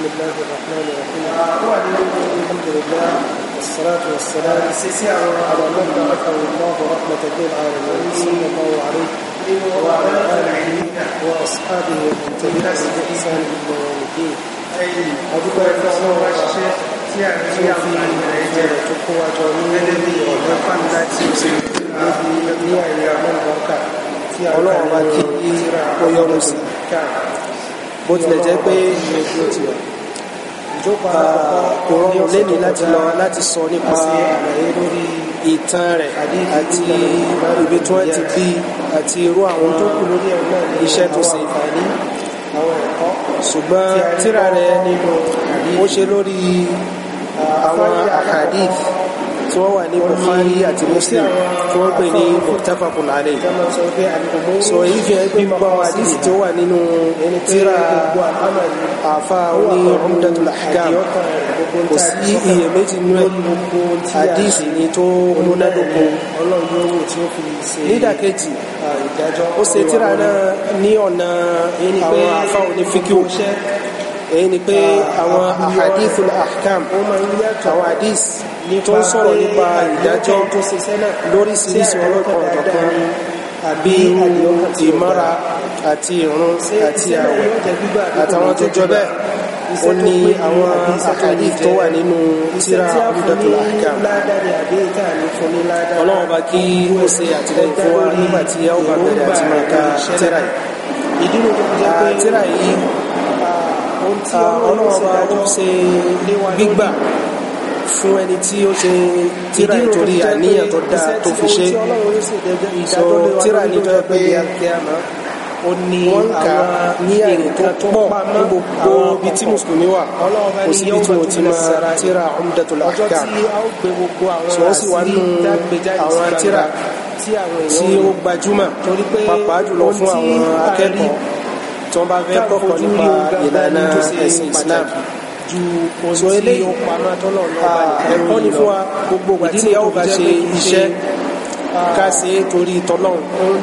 بسم الله الرحمن الرحيم الحمد لله والصلاة والسلام على من بعثه الله رحمة للعالمين صلى الله عليه وعلى آله وأصحابه ومن تبعهم بإحسان إلى يوم الدين أدعو الله tí a fi ìjẹ tó kó wa jọ ní ọ̀dọ́ fáńdá tí ó ṣe níbi ní àìyá mẹ́rin bọ́ńkà tí a ọlọ́run bá kí ó yọrù sí káà bó tilẹ̀ jẹ́ pé kò rọrùn lẹ́ni láti lọ láti sọ nípa ìtàn rẹ̀ àti ibi tí wọ́n ti bí àti irú àwọn iṣẹ́ tó ṣe ṣùgbọ́n tíra rẹ̀ ó ṣe lórí àwọn hadith tí wọ́n wà ní Bukhari àti Muslim tí wọ́n pè ní muttafaqun alayhi so èyí fi hàn pé gbogbo àdìsí tó wà nínú tíra àfa oní Umdatul Ahkam kò sí iyèméjì nínú àdìsí ni tó múnádókò nídàkejì ó ṣe tíra náà ní ọ̀nà àwọn àfa oní fíkíò èyí ni pé ah, àwọn àhàdífù ah, àkàm àwọn àdís tó ń sọ̀rọ̀ nípa ìdájọ́ lóríṣiríṣi ọlọ́kan ọ̀dọ̀kan àbí ìmọ́ra àti ìrun àti àwẹ̀ àtàwọn tó jọ bẹ́ẹ̀ ó ní àwọn àhàdífù tó wà nínú tíra ọdọ̀tò àkàm ọlọ́run bá kí ó ṣe àtìlẹ́yìn fún wa nígbà tí ó bá bẹ̀rẹ̀ àti máa ka tíra yìí ohun tí ọlọ́run bá ó ṣe gbígbà fún ẹni tí ó ṣe tíra ìtorí àníyàn tó dáa tó fi ṣe so tíra ní tó pé ó ní àwa ní èrè tó pọ̀ ní gbogbo ibi tí mùsùlùmí wà kò síbi tí wọ́n ti máa tíra Umdatul Ahkam so ó sì wá nù àwọn tíra tí ó gbajúmọ̀ pàápàá jùlọ fún àwọn akẹ́kọ̀ọ́ tí wọ́n bá fẹ́ kọ́kọ́ nípa ìlànà ẹ̀sìn Islam so eléyìí ẹ̀kọ́ ni fún wa gbogbo ìgbà tí a bá ṣe iṣẹ́ ká ṣe é torí tọlọ́run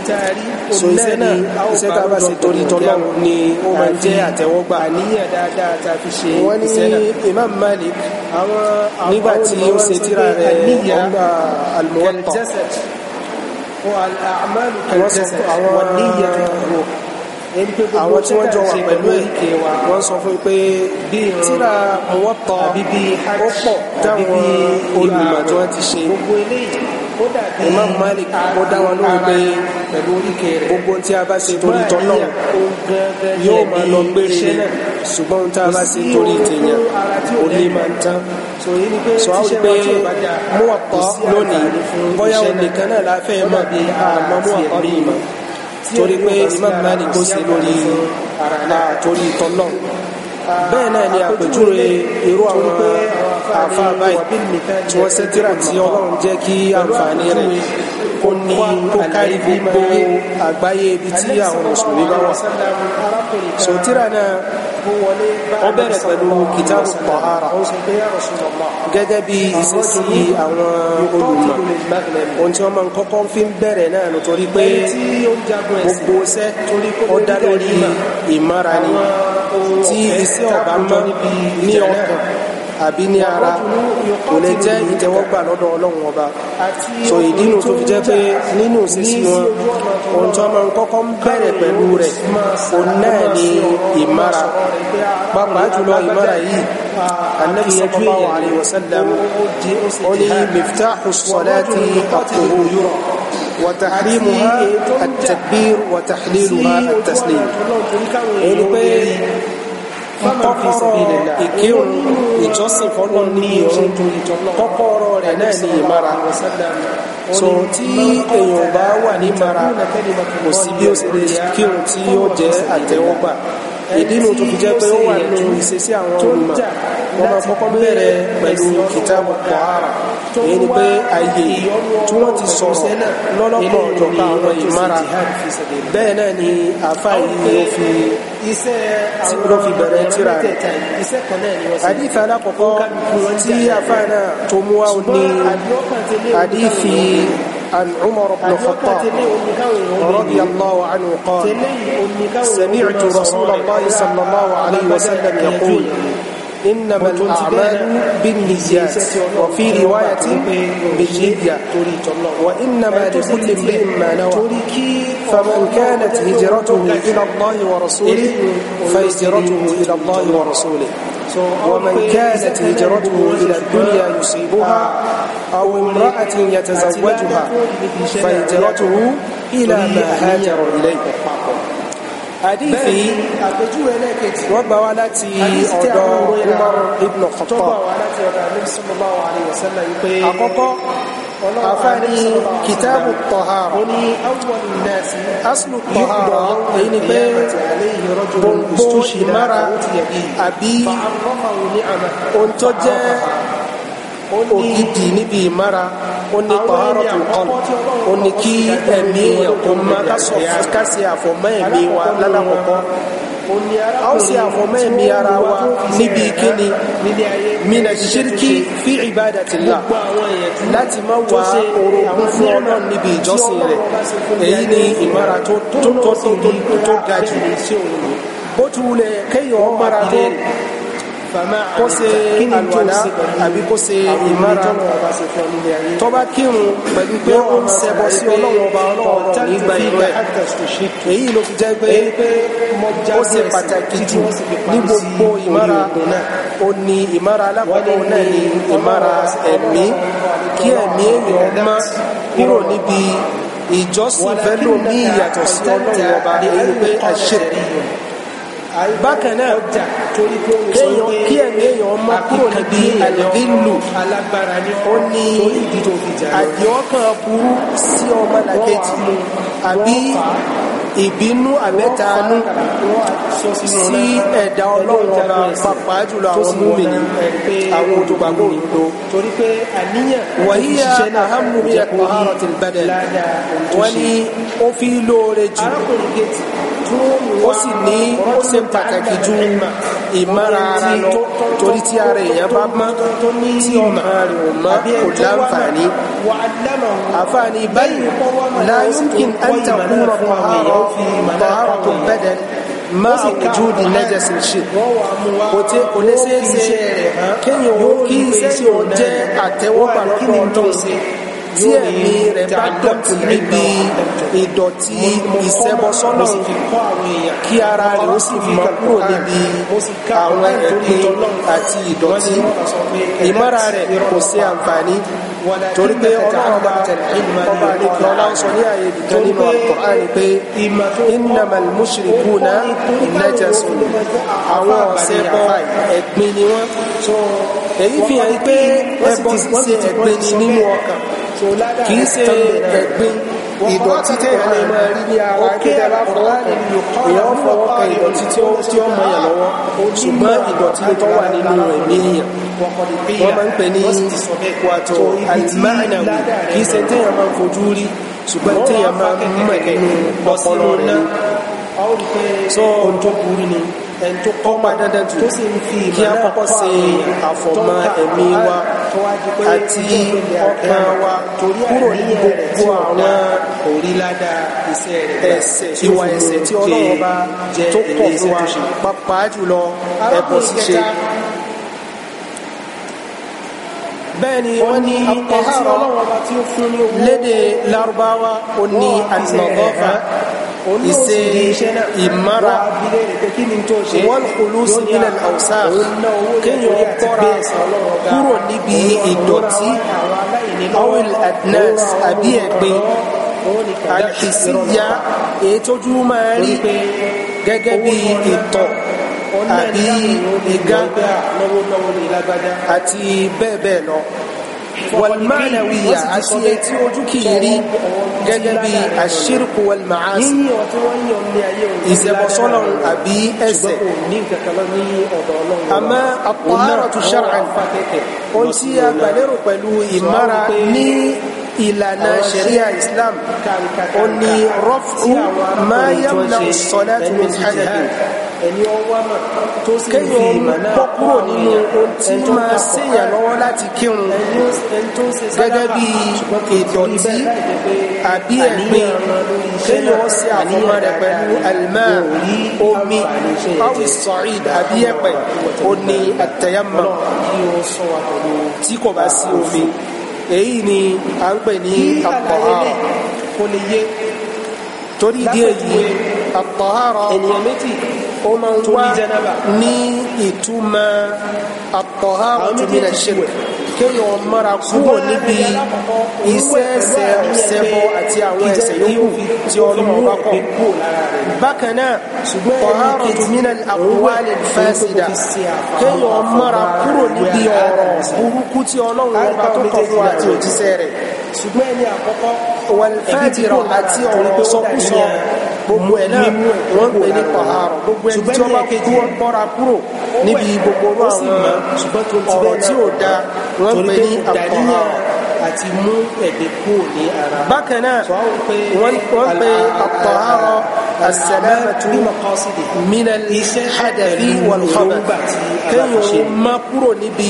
so iṣẹ́ náà iṣẹ́ tá bá ṣe torí tọlọ́run ni ó máa jẹ́ àtẹ́wọ́gbà wọ́n ní Imam Malik nígbà tí ó ṣe tírà rẹ̀ ọgbà Al-Muwatta sọ àwọn àwọn tí wọ́n jọ wà pẹ̀lú ẹ̀ wọ́n sọ fún pé tíra wọ́n tọ́ ó pọ̀ táwọn olùmọ̀ tí wọ́n ti ṣe Imam Malik ó dá wọn lóhùn pé gbogbo tí a bá ṣe torí tọ́lọ̀ yóò máa lọ gbére ṣùgbọ́n tí a bá ṣe torí tèèyàn ó lè máa tán sọ á wípé Muwatta lónìí bóyá òun nìkan náà láfẹ́ mọ̀ àmọ́ Muwatta bí ìmọ̀ torí pé Imam Malik kó ṣe lórí torí tọ́lọ́ọ̀ bẹ́ẹ̀ náà ni àpèjúwe irú àwọn àfa báyìí tí wọ́n sẹ́tìrà tí ọlọ́run jẹ́ kí àǹfààní rẹ̀ kó ní kó kárí gbogbo àgbáyé ibi tí àwọn mùsùlùmí bá wà sòtìrà náà ó bẹ̀rẹ̀ pẹ̀lú kìtàbù pọ̀hárà gẹ́gẹ́ bí ìṣesí àwọn olùmọ̀ ohun tí wọ́n máa ń kọ́kọ́ fi ń bẹ̀rẹ̀ náà nítorí pé gbogbo iṣẹ́ ó lórí ìmárani tí iṣẹ́ ọ̀bá mọ́ ní ọkàn àbí ní ara kò lè jẹ́ ìtẹ́wọ́gbà lọ́dọ̀ ọlọ́run ọba so ìdínú tó fi jẹ́ pé nínú sísí wọn ohun tí wọ́n máa ń kọ́kọ́ ń bẹ̀rẹ̀ pẹ̀lú rẹ̀ òun náà ni ìmára pàápàá jùlọ ìmára yìí anabi sallallahu alayhi wa sallam ó ní miftahu salati àtòwò yúrọ̀ وتحريمها التكبير وتحليلها التسليم kọ́kọ́rọ́ ìkírun ìjọsìn fọ́lọ́ ní ìrun kọ́kọ́rọ́ rẹ̀ náà ní ìmára so tí èèyàn bá wà ní ìmára kò sí bí ó ṣe lè kírun tí ìdínú tó fi jẹ́ pé ó wà nínú ìṣesí àwọn olùmọ̀ wọ́n máa kọ́kọ́ bẹ̀rẹ̀ pẹ̀lú kìtàbù kọ̀hárà èyí ni pé ayé tí wọ́n ti sọ lọ́lọ́pọ̀ ọ̀jọ̀ká àwọn ìmára bẹ́ẹ̀ náà ni àfá yìí ló fi bẹ̀rẹ̀ tíra rẹ̀ àdífẹ́ alákọ̀ọ́kọ́ tí àfá náà tó mú wá ní àdífi عن عمر بن الخطاب رضي الله عنه قال سمعت رسول الله صلى الله عليه وسلم يقول إنما الأعمال بالنيات وفي رواية بالنية وإنما لكل امرئ ما نوى فمن كانت هجرته إلى الله ورسوله فهجرته إلى الله ورسوله ومن كانت هجرته إلى الدنيا يصيبها أو امرأة يتزوجها فهجرته إلى ما هاجر إليه حديثي وبوا التي أدى عمر بن الخطاب أقوى àfáàní kìtàbù tọ̀hárà ó ní asìlù tọ̀hárà èyí ni pé gbogbo ìmára àbí ohun tó jẹ́ ògidì níbi ìmára ó ní tọ̀hárà tó kọlù ó ní kí ẹ̀mí èèyàn kó má kásì àfọ̀mọ́ ẹ̀mí wa lálàkọ̀kọ́ a ó sì àfọ̀mẹ́mí ara wa níbi kíni mina ṣírkì fi ìbádàtìlá láti má wá orogún fún ọlọ́run níbi ìjọsìn rẹ̀ èyí ni ìmára tó tó tó tó ga jù bó tu wulẹ̀ kéèyàn mara tó kó ṣe àlùwàlá àbí kó ṣe ìmára tó bá kírun pẹ̀lú pé ó ń ṣẹbọ sí ọlọ́run ọba ọlọ́run nígbà ìlú ẹ̀ èyí ló fi jẹ́ pé ó ṣe pàtàkì jù ní gbogbo ìmára ó ní ìmára alákọ̀ọ́kọ́ náà ní ìmára ẹ̀mí kí ẹ̀mí èèyàn má kúrò níbi ìjọsìn fẹ́lòmíì yàtọ̀ sí ọlọ́run ọba ní ẹni pé àṣẹ bákan náà kéèyàn kí ẹ̀mí èèyàn ọmọ kúrò níbi àdínlù ó ní àdìọ́kàn burú sí ọmọ làkejì àbí ìbínú àbẹ́tanú sí ẹ̀dá ọlọ́run ọba pàpà jùlọ àwọn múmìnì àwọn olùgbàgbọ́ òyìnbó torí ya ahamu mi ẹ̀kọ́ àrọ̀tìlbẹ̀dẹ̀ wọ́n ní ó fi lóore jù ó sì ní ó ṣe pàtàkì ju ìmọ̀ra ara lọ torí tí ara èèyàn bá mọ́ tí ọmọ àbí kò láǹfààní. àǹfààní báyìí láyúnkìn àǹtàkùn ọ̀pọ̀ àwọn èèyàn tọ́hárọ̀ tó bẹ́ẹ̀ máa wùjúdi nẹ́jẹsì ṣe kò tí kò lè ṣe é ṣe rẹ̀ kéèyàn ó kí iṣẹ́ yóò jẹ́ àtẹ́wọ́gbà lọ́dọ̀ ọ̀tọ̀ ṣe tí ẹ̀mí rẹ̀ bá dọ̀tí níbi ìdọ̀tí ìṣẹbọsọ́nà kí ara rẹ̀ ó sì mọ́ kúrò níbi àwọn ẹ̀mí àti ìdọ̀tí ìmọ́ra rẹ̀ kò ṣe àǹfààní torí pé ọlọ́ọ̀bá ọba àlejò ọláńsọ ní ààyè ìdíkan nínú Al-Qur'ani pé innamal mushrikuna najasun àwọn ọ̀sẹ̀ bọ ẹ̀gbin ni wọ́n èyí fi hàn pé ẹbọ ṣíṣe ẹ̀gbin ni nínú ọkàn kì í ṣe ẹ̀gbin ìdọ̀tí tẹ́ ẹ̀rọ ìmọ̀ rí ní ara ẹgbẹ́ bá fọwọ́ kan èèyàn fọwọ́ kan ìdọ̀tí tí ó tí ó mọ yàn lọ́wọ́ ṣùgbọ́n ìdọ̀tí lè tó wà nínú ẹ̀mí yàn wọ́n máa ń pè ní wàtò àìmáàna kì í ṣe téèyàn máa ń fojú rí ṣùgbọ́n téèyàn máa ń mọ̀ nínú ọpọlọ rẹ̀ so ohun tó burú ni ẹni tó kọ́ pa dandan jù tó sì ń fi kí a kọ́kọ́ ṣe àfọ̀mọ́ ẹ̀mí wa àti ọkàn wa kúrò ní gbogbo àwọn òríládà ẹ̀ṣẹ̀ tí wà ẹ̀ṣẹ̀ tí Ọlọ́run bá tó kọ̀ fún wa pàápàá jùlọ ẹbọ ṣíṣe bẹ́ẹ̀ni wọ́n ní ẹ̀tí Ọlọ́run bá tí fún ní lédè Lárúbáwá ó ní àtìlọ́gọ́fà ìṣe ìmára wọ́n kúlú sí ilẹ̀ àwùsá kéèyàn kọ́ra kúrò níbi ìdọ̀tí oil adness àbí ẹ̀gbin àkìsíyá èyí tójú máa rí gẹ́gẹ́ bí wàlmánàwíyà àti etí ojú kì í rí gẹ́gẹ́ bí àṣírkù wàlmáàsì ìṣẹ̀bọ̀sọ́nà àbí ẹsẹ̀ àmọ́ àpọ̀ àrà tó ṣàrà ohun tí a gbàlérò pẹ̀lú ìmára ní ìlànà sharia islam ó ní rọ́fù máa yamna sọ́lá tí wọ́n ti hàjàdì kéèyàn bọ́ kúrò nínú ohun tí máa ṣèyàn lọ́wọ́ láti kírun gẹ́gẹ́ bí ìdọ̀tí àbí ẹ̀gbin kéèyàn ṣe àfọmọ́ rẹ̀ pẹ̀lú àlùmá omi awi sọ̀rìd àbí ẹ̀pẹ̀ ó ní àtẹ̀yàmọ̀ tí kò bá sí omi èyí ni à ń pè ní àpọ̀hárọ̀ kò lè yé torí ìdí èyí àpọ̀hárọ̀ ènìyàn méjì ó máa ń wá ní ìtumọ̀ àpọ̀hárọ̀ tó mi ṣe wẹ̀ kéèyàn mọ́ra kúrò níbi iṣẹ́ ẹ̀ṣẹ̀ ṣẹbọ àti àwọn ẹ̀ṣẹ̀ yòókù tí ọlọ́run bá kọ̀ bákan náà ọ̀hárọ̀ tùmínà àkúwálẹ̀ fásidà kéèyàn mọ́ra kúrò níbi ọ̀rọ̀ burúkú tí ọlọ́run bá tó kọ̀ fún àti òjíṣẹ́ rẹ̀ ṣùgbọ́n ẹni àkọ́kọ́ wàlfẹ́tìrọ̀ àti ọ̀rọ̀ sọkúsọ gbogbo ẹ̀ náà wọ́n pè ní ọ̀hárọ̀ gbogbo níbi gbogbo orú àwọn ọ̀rọ̀ tí ò da wọ́n pè ní àkọ́hà àti mú ẹ̀gbẹ́ kúrò ní ara. bákan náà wọ́n pe àkọ́hà as-salamatu min al-hadathi wal-khabath kéèyàn má kúrò níbi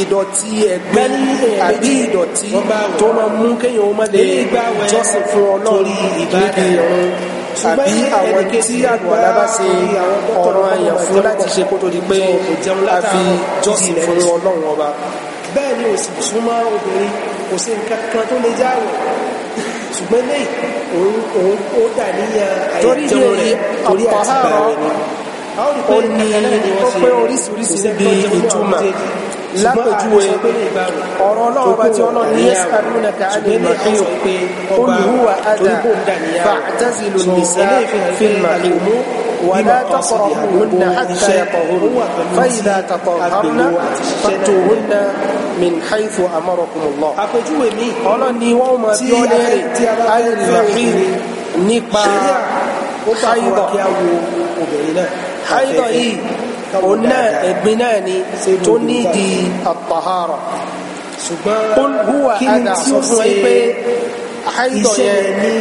ìdọ̀tí ẹgbẹ́ àbí ìdọ̀tí tó máa mú kéèyàn má jọ́sìn fún Ọlọ́run níbi ìrún àbí àwọn tí àgbàlá bá ṣe ọ̀rọ̀ ayàn fún láti ṣe kó tó di pé a fi jọ́sìn fún ọlọ́run ọba. bẹ́ẹ̀ ni òsì súnmọ́ obìnrin kò sí nǹkan kan tó lè jáwèé ṣùgbọ́n lè òun ó dà níyàn àìjẹun rẹ̀ torí àtìgbà rẹ̀ ni ó ní ó pé oríṣiríṣi níbi lápẹjúwe ọ̀rọ̀ ọlọ́run bá tí ọlọ́run ní ẹ́sàdúnà káàlì mọ̀kíyò olùhùwà àdà fàtàzìlù nìsẹ́ fil màlúmú wàlá taqrabuhunna hatta yatahurna fa'idha tatahharna fa'tuhunna min haythu amarakumullah. àpẹjúwe mi ọlọ́run ni wọ́n máa bí ọ́ lẹ́rìn alil mahir nípa ṣáyìdọ̀ ṣáyìdọ̀ yìí òun náà ẹ̀gbin náà ni tó nídìí àtàhárà ṣùgbọ́n kí ni tí ó fún ẹ pé iṣẹ́ ní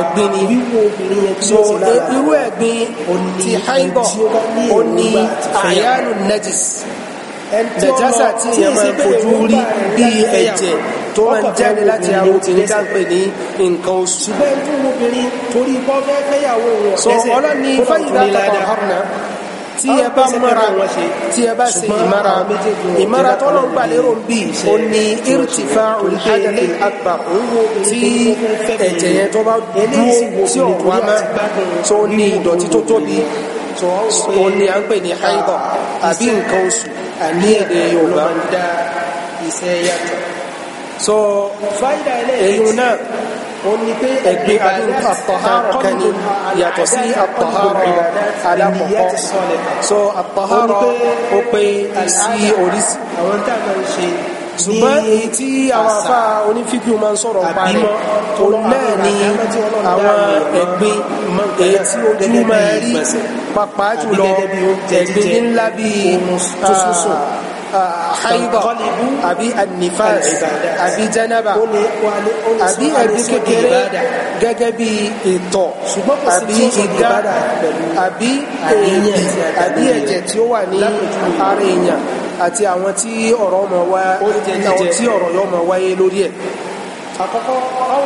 ẹ̀gbin ni so irú ẹ̀gbin ti haibọ̀ ó ní àyánù najis nàjásà tí èèyàn máa fojú rí bí ẹ̀jẹ̀ tó máa ń jáde láti àwọn obìnrin dáńpẹ̀ ní nǹkan oṣù. ṣùgbọ́n ẹni obìnrin torí bọ́ fẹ́ fẹ́yàwó rẹ̀ lẹ́sẹ̀ fún ìlànà tí ẹ bá mara tí ẹ bá ṣe ìmara ìmara tọ́lọ̀ ń gbàlérò ń bì ó ní irtifa olùdíyẹlẹ àgbà tí ẹ̀jẹ̀ yẹn tó bá dúró tí ò wá má tó ní ìdọ̀tí tó tóbi tó ní à ń pè ní haibọ̀ àbí nǹkan oṣù ní èdè Yorùbá. so èyí náà ó ní pé ẹ̀gbin adúrú àtọ̀hárọ̀ kẹni yàtọ̀ sí àtọ̀hárọ̀ alákọ̀ọ́kọ́ so àtọ̀hárọ̀ ó pé sí oríṣi ṣùgbọ́n èyí tí àwọn afá onífíkì máa ń sọ̀rọ̀ parí ó náà ni àwọn ẹ̀gbin èyí tí ojú máa rí pàápàá jùlọ ẹ̀gbin ńlá bíi àìbọ̀ àbí anifas àbí janaba àbí ẹ̀bí kékeré gẹ́gẹ́ bí ìtọ̀ àbí ìgá àbí èèyàn àbí ẹ̀jẹ̀ tí ó wà ní ara èèyàn àti àwọn tí ọ̀rọ̀ ọmọ wá tí ọ̀rọ̀ yọ ọmọ wáyé lórí ẹ̀. àkọ́kọ́ a ó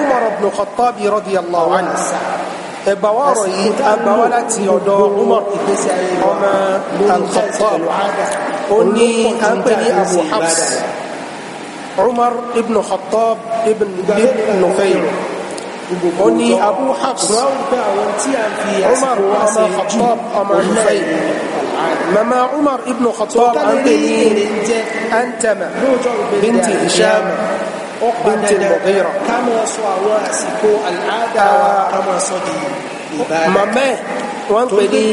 Umar ibn Khattabi radiyallahu anhu بواري أبوالتي يدو عمر وما الخطاب أني أبني أبو حفص عمر ابن خطاب ابن ابن فيل أني أبو حفص عمر أما خطاب أما نفيل مما عمر ابن خطاب أنت أنتما بنت هشام bíntì Mughira. ká máa sọ àwọn àsìkò àlàáda wa ká máa sọ di ìbára. màmá ẹ̀ wọ́n pè ní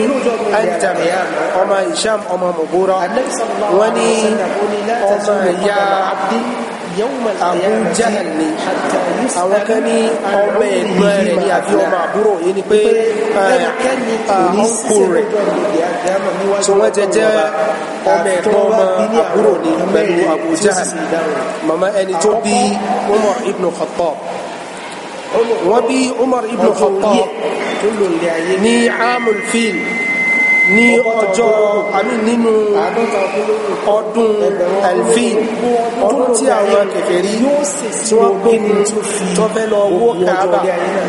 Antam ọmọ Hisham ọmọ Mughira wọ́n ní ọmọ ìyá abujahal ni àwọn kan ní ọmọ ẹ̀gbọ́n rẹ̀ ní àbí ọmọ àbúrò yìí ni pé ọkùn rẹ̀ tí wọ́n jẹ jẹ́ ọmọ ẹ̀gbọ́n ọmọ àbúrò ní pẹ̀lú abujahal màmá ẹni tó bí Umar ibn Khattab wọ́n bí Umar ibn Khattab ní amul fil ní ọjọ́ àmì nínú ọdún alfin ọdún tí àwọn kèfèrí tí wọ́n gbóni tọ́fẹ́ lọ wó Kaaba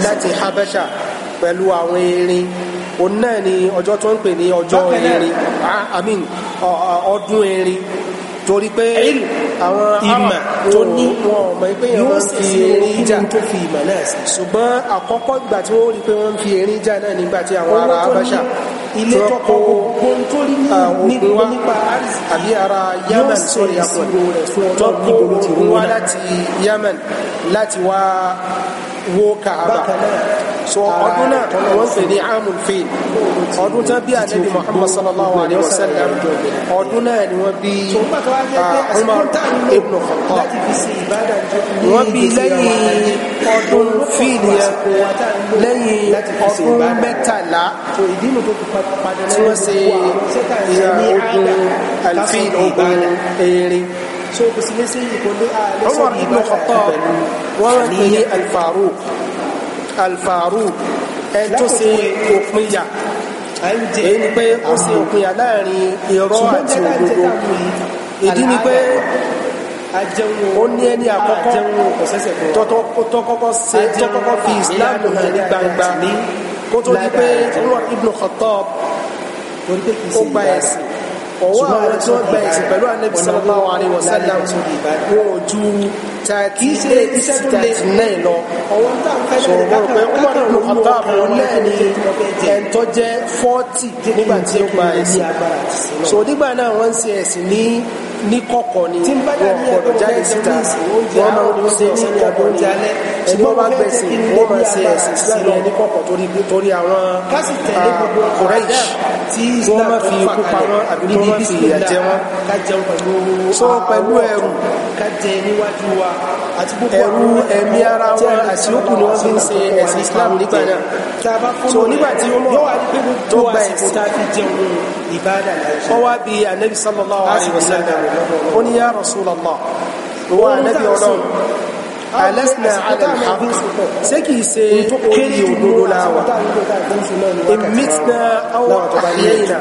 láti Habasha pẹ̀lú àwọn erin òun náà ni ọjọ́ tó ń pè ní ọjọ́ erin àmì ọdún erin torí pé àwọn ìmọ̀ tó ní wọn ọmọ pé wọ́n fi erin jà tó fi ìmọ̀ náà sí ṣùgbọ́n àkọ́kọ́ ìgbà tí wọ́n rí pé wọ́n fi erin jà náà nígbà tí àwọn ará Habasha ilé tó kọ gbogbo tó rí nípa àbí ara Yemen sórí àpò tó kọ gbogbo wá láti Yemen láti wá wó Kaaba so ọdún náà wọ́n pè ní amul fil ọdún tán bí ànábì Muhammad sallallahu alayhi wa sallam ọdún náà ni wọ́n bí ah, Umar ibn Khattab ah. wọ́n bí lẹ́yìn ọdún fíìlì ẹ̀kọ́ lẹ́yìn ọdún mẹ́tàlá tí wọ́n ṣe ìrìn alfíìlì ogun erin Umar ibn Khattab wọ́n rẹ̀ pé ní Al-Faruq Al-Faruq ẹ̀ tó ṣe òpin yà èyí ni pé ó ṣe òpin láàrin irọ́ àti òdodo ìdí ni pé ó ní ẹni àkọ́kọ́ tọ́kọ́kọ́ ṣe tọ́kọ́kọ́ fi islam hàn ní gbangba kó tó di pé Umar ibn Khattab ó gba ẹ̀sìn ọwọ́ àwọn tí wọ́n gba ẹ̀sìn pẹ̀lú anabi sallallahu alayhi wa sallam wọn ò ju kìí ṣe iṣẹ́ tó lé náà lọ sọ̀rọ̀ pé Umar ibn Khattab wọn náà ni ẹ̀ńtọ́ jẹ́ fọ́tì nígbà tí ó gba ẹ̀sìn so nígbà náà wọ́n ń ṣe ẹ̀sìn ní ní kọ̀kọ̀ ni wọ́n gbọ́dọ̀ jáde síta wọ́n máa ń ṣe ní kọ̀kọ̀ ní alẹ́ ṣùgbọ́n wọ́n gbẹ̀ sí wọ́n máa ṣe ẹ̀sìn sílẹ̀ ní kọ̀kọ̀ torí àwọn kùrẹ́ẹ̀ṣì ah, tí wọ́n máa fi ikú pa wọ́n àbí tí wọ́n máa fi ìyà jẹ sọ pẹ̀lú ẹrù ẹrù ẹ̀mí ara wọn àti òkú ni wọ́n fi ń ṣe ẹ̀sìn Islam nígbà náà so nígbà tí ó mọ̀ tó gba ìbádà láìsí. ọwọ́ bí anabi sallallahu alayhi wa sallam ó ní ya rasulallah ìwọ anabi ọlọ́run alẹ́sìnà àdàlùhàkù ṣé kìí ṣe kéde òdodo láwà ìmítnà àwọn àyẹ̀yìnà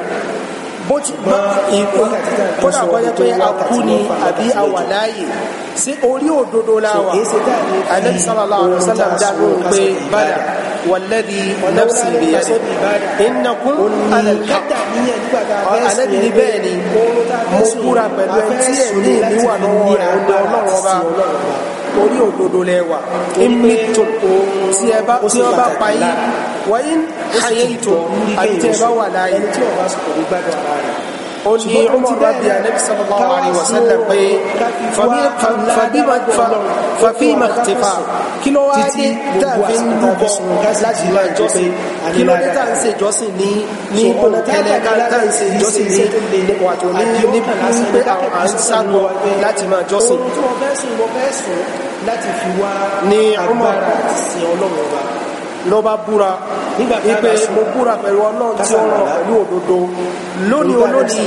bóti bá ìpò kódà bọ́jẹ́ pé akú ni àbí àwà láàyè sí orí òdodo láwà alẹ́sìnà àdàlùhàkù pé bàdà والذي نفسي بيده إنكم على الحق الذي نباني مصبورا بلوانتي أمين وانوني عند الله وبا orí òdodo lẹ́wà ìmìtò tí ẹ tí ọ bá payí wọ́n àyè ìtò àti tẹ́ ẹ bá wà láàyè tí ọ bá sọ̀rọ̀ gbádùn ara ó ní Umar bí anabi sallallahu alayhi wa sallam pé fàfíìmà tìfà kí ló wá dé tàbí ń lúbọ láti máa jọ́sìn kí ló dé tàbí ṣe jọ́sìn ní ní pẹ̀lẹ́ tàbí ṣe jọ́sìn ní wàtò ní ní pé àwọn àṣàlọ láti máa jọ́sìn. ohun tí wọ́n fẹ́ sùn wọ́n fẹ́ sùn láti fi wá agbára àti sin Ọlọ́run ọba ló bá búra ipe mo búra pẹ̀lú ọlọ́run tí ó rán pẹ̀lú òdodo lónìí olónìí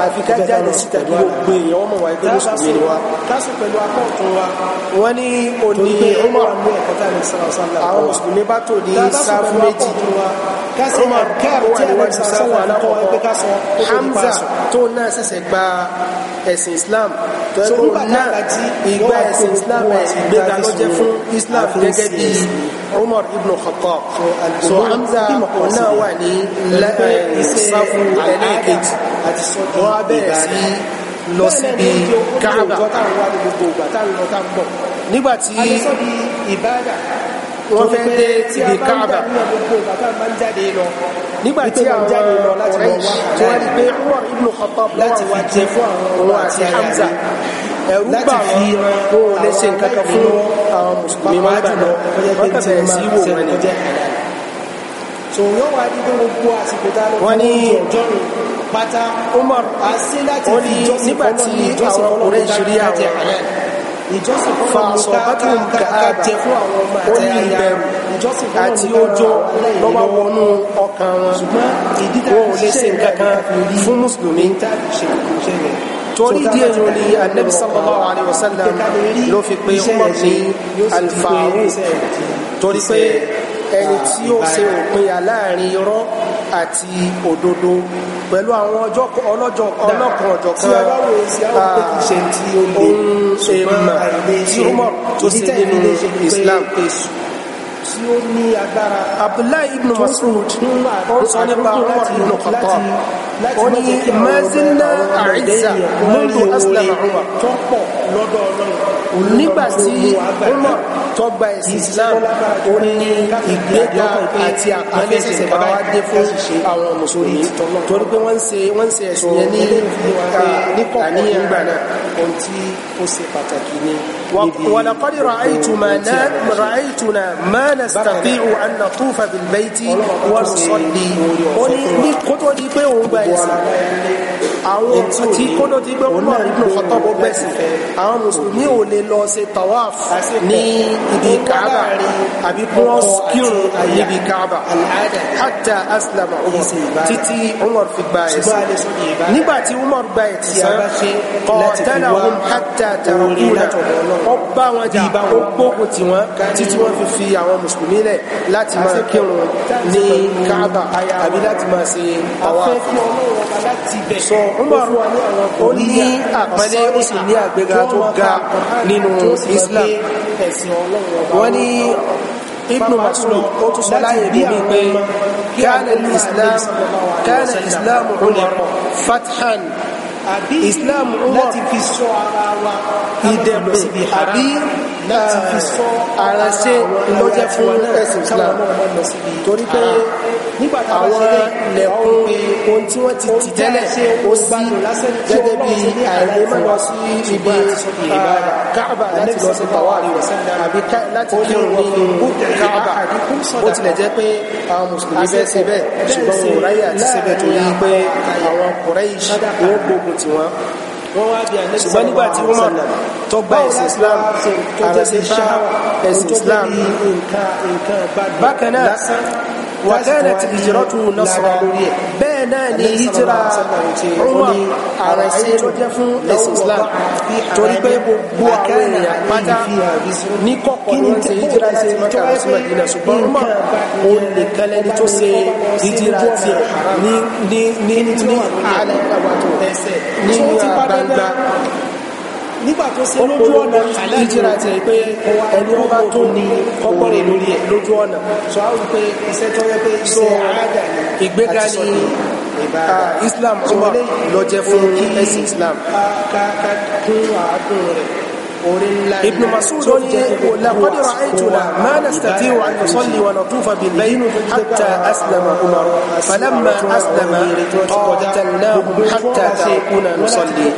àfi ká jáde síta kí o gbé èèyàn ọmọ wa ẹgbẹ́ mùsùlùmí ni wa kásù pẹ̀lú apá ọ̀tún wa wọ́n ní òní àwọn mùsùlùmí bá tò ní sáfù méjì Umar wà níwájú sáfù alákọ̀ọ́kọ́ Hamza tó náà ṣẹ̀ṣẹ̀ gba ẹ̀sìn Islam tó náà ìgbà ẹ̀sìn Islam ẹ̀ ìgbéga lọ́jẹ́ fún Islam gẹ́gẹ́ bíi Umar uh, ibn Khattab so Hamza náà wà ní sáfù ẹlẹ́ẹ̀kejì wọ́n á bẹ̀rẹ̀ sí lọ síbi káàbà nígbàtí wọ́n fẹ́ dé síbi káàbà nígbàtí àwọn Quraysh tí wọ́n rí pé Umar ibn Khattab láti fi jẹ fún àwọn àti Hamza ẹ̀rú gbà wọ́n tó lẹ́sẹ̀ nǹkan kan fún wọn àwọn mùsùlùmí máa jùlọ kọjá pé tí wọ́n máa ṣe kọjá halal so yóò wá di pé gbogbo àsìkò tá ló fún ọjọ́ rẹ̀ pátá Umar àṣẹ láti fi nígbà tí àwọn ọkùnrin ìṣirí àwọn ìjọsìn fún ọmọ káàkiri káàkiri fún àwọn ọmọ àti àyà ìjọsìn fún ọmọ àti ọjọ́ lọ́wọ́ wọnú ọkàn wọn ṣùgbọ́n ìdídá ìṣẹ́ ìkankan fún mùsùlùmí torí díẹ̀ ló ní anabi sallallahu alayhi wa sallam ló fi pé umar ní alfaruq torí pé ẹni tí ó ṣe òpin àláàrin irọ́ àti òdodo pẹ̀lú àwọn ọjọ́ ọlọ́jọ́ ọlọ́kan ọ̀jọ̀kan ohun èèmà tí umar tó ṣe nínú islam tí ó ní agbára abdullahi ibn mas'ud ó sọ nípa umar ibn khattab ó ní mazina àìsà mundu aslama Umar nígbà tí Umar tó gba ẹ̀sìn Islam ó ní ìgbéga àti àpẹẹlẹ ṣẹ̀ṣẹ̀ bá wá dé fún àwọn mùsùlùmí torí pé wọ́n ń ṣe wọ́n ń ṣe ẹ̀sùn yẹn ní àníyàn gbà náà ohun tí ó ṣe pàtàkì ni. ولقد رأيتنا رأيتنا ما نستطيع أن نطوف بالبيت ونصلي. ó ní kótó di pé òun gba ẹ̀sìn àwọn tí kódó ti gbé púpọ̀ nínú fọ́tọ́bọ̀ gbẹ̀sì àwọn mùsùlùmí ò lè lọ ṣe tawaf ní ibi kaaba àbí kí wọ́n kírun níbi kaaba hatta aslama umar títí umar fi gba ẹ̀sìn nígbà tí umar gba ẹ̀sìn kọ̀ọ̀tẹ́lá wọn hatta tàràkúnà ó bá wọn jà ó gbógun tì títí wọ́n fi fi àwọn mùsùlùmí lẹ̀ láti máa kírun ní kaaba àbí láti máa ṣe tawaf sọ Umar ó ní àpẹẹlẹ ó sì ní àgbéga tó ga nínú Islam wọ́n ní ibn Mas'ud ó tún sọ láyé bí mi pé kánà Islam kánà Islam Umar fathan Islam Umar ìdẹ̀bẹ̀ àbí láti fi ah. sọ ara ṣe ló jẹ́ fún ẹ̀sìn Islam torí pé ah. àwọn lẹ̀kùn ohun tí wọ́n ti tì tẹ́lẹ̀ ó sí gẹ́gẹ́ bí àìlèmọ́ lọ sí ibi ah, káàbà láti lọ sí tàwa àbí láti kí òun ní káàbà ó tilẹ̀ jẹ́ pé àwọn mùsùlùmí bẹ́ẹ̀ ṣe ṣùgbọ́n òun ráyè àti ṣe torí pé àwọn Quraysh wọ́n gbógun tiwọn wọ́n wá bí ànẹ́bí ṣùgbọ́n nígbà tí wọ́n máa tó gba ẹ̀sìn islam ara sí ṣáhàwà ẹ̀sìn islam bákan náà wàkánà ti hijiratu nasra bẹ́ẹ̀ náà ni hijira umar ara sí tó jẹ́ fún ẹ̀sìn islam torí pé gbogbo àwọn èèyàn pátá ní kọ́kọ́ tó wáyé pé ṣùgbọ́n tó ṣe hijira gbangba nígbà tó ṣe lójú ọ̀nà ìjìra tẹ̀ pé ẹni ọba tó ní kọ́kọ́rẹ̀ lórí ẹ̀ lójú ọ̀nà so a wù pé iṣẹ́ tó yẹ pé iṣẹ́ àádà ìgbéga ní Islam ọba lọ jẹ fún ẹ̀sìn Islam ká kún àádùn rẹ̀ ابن مسعود لقد رأيتنا ما نستطيع أن نصلي ونطوف بالبيت حتى أسلم أمر فلما أسلم قاتلناه حتى تكون نصلي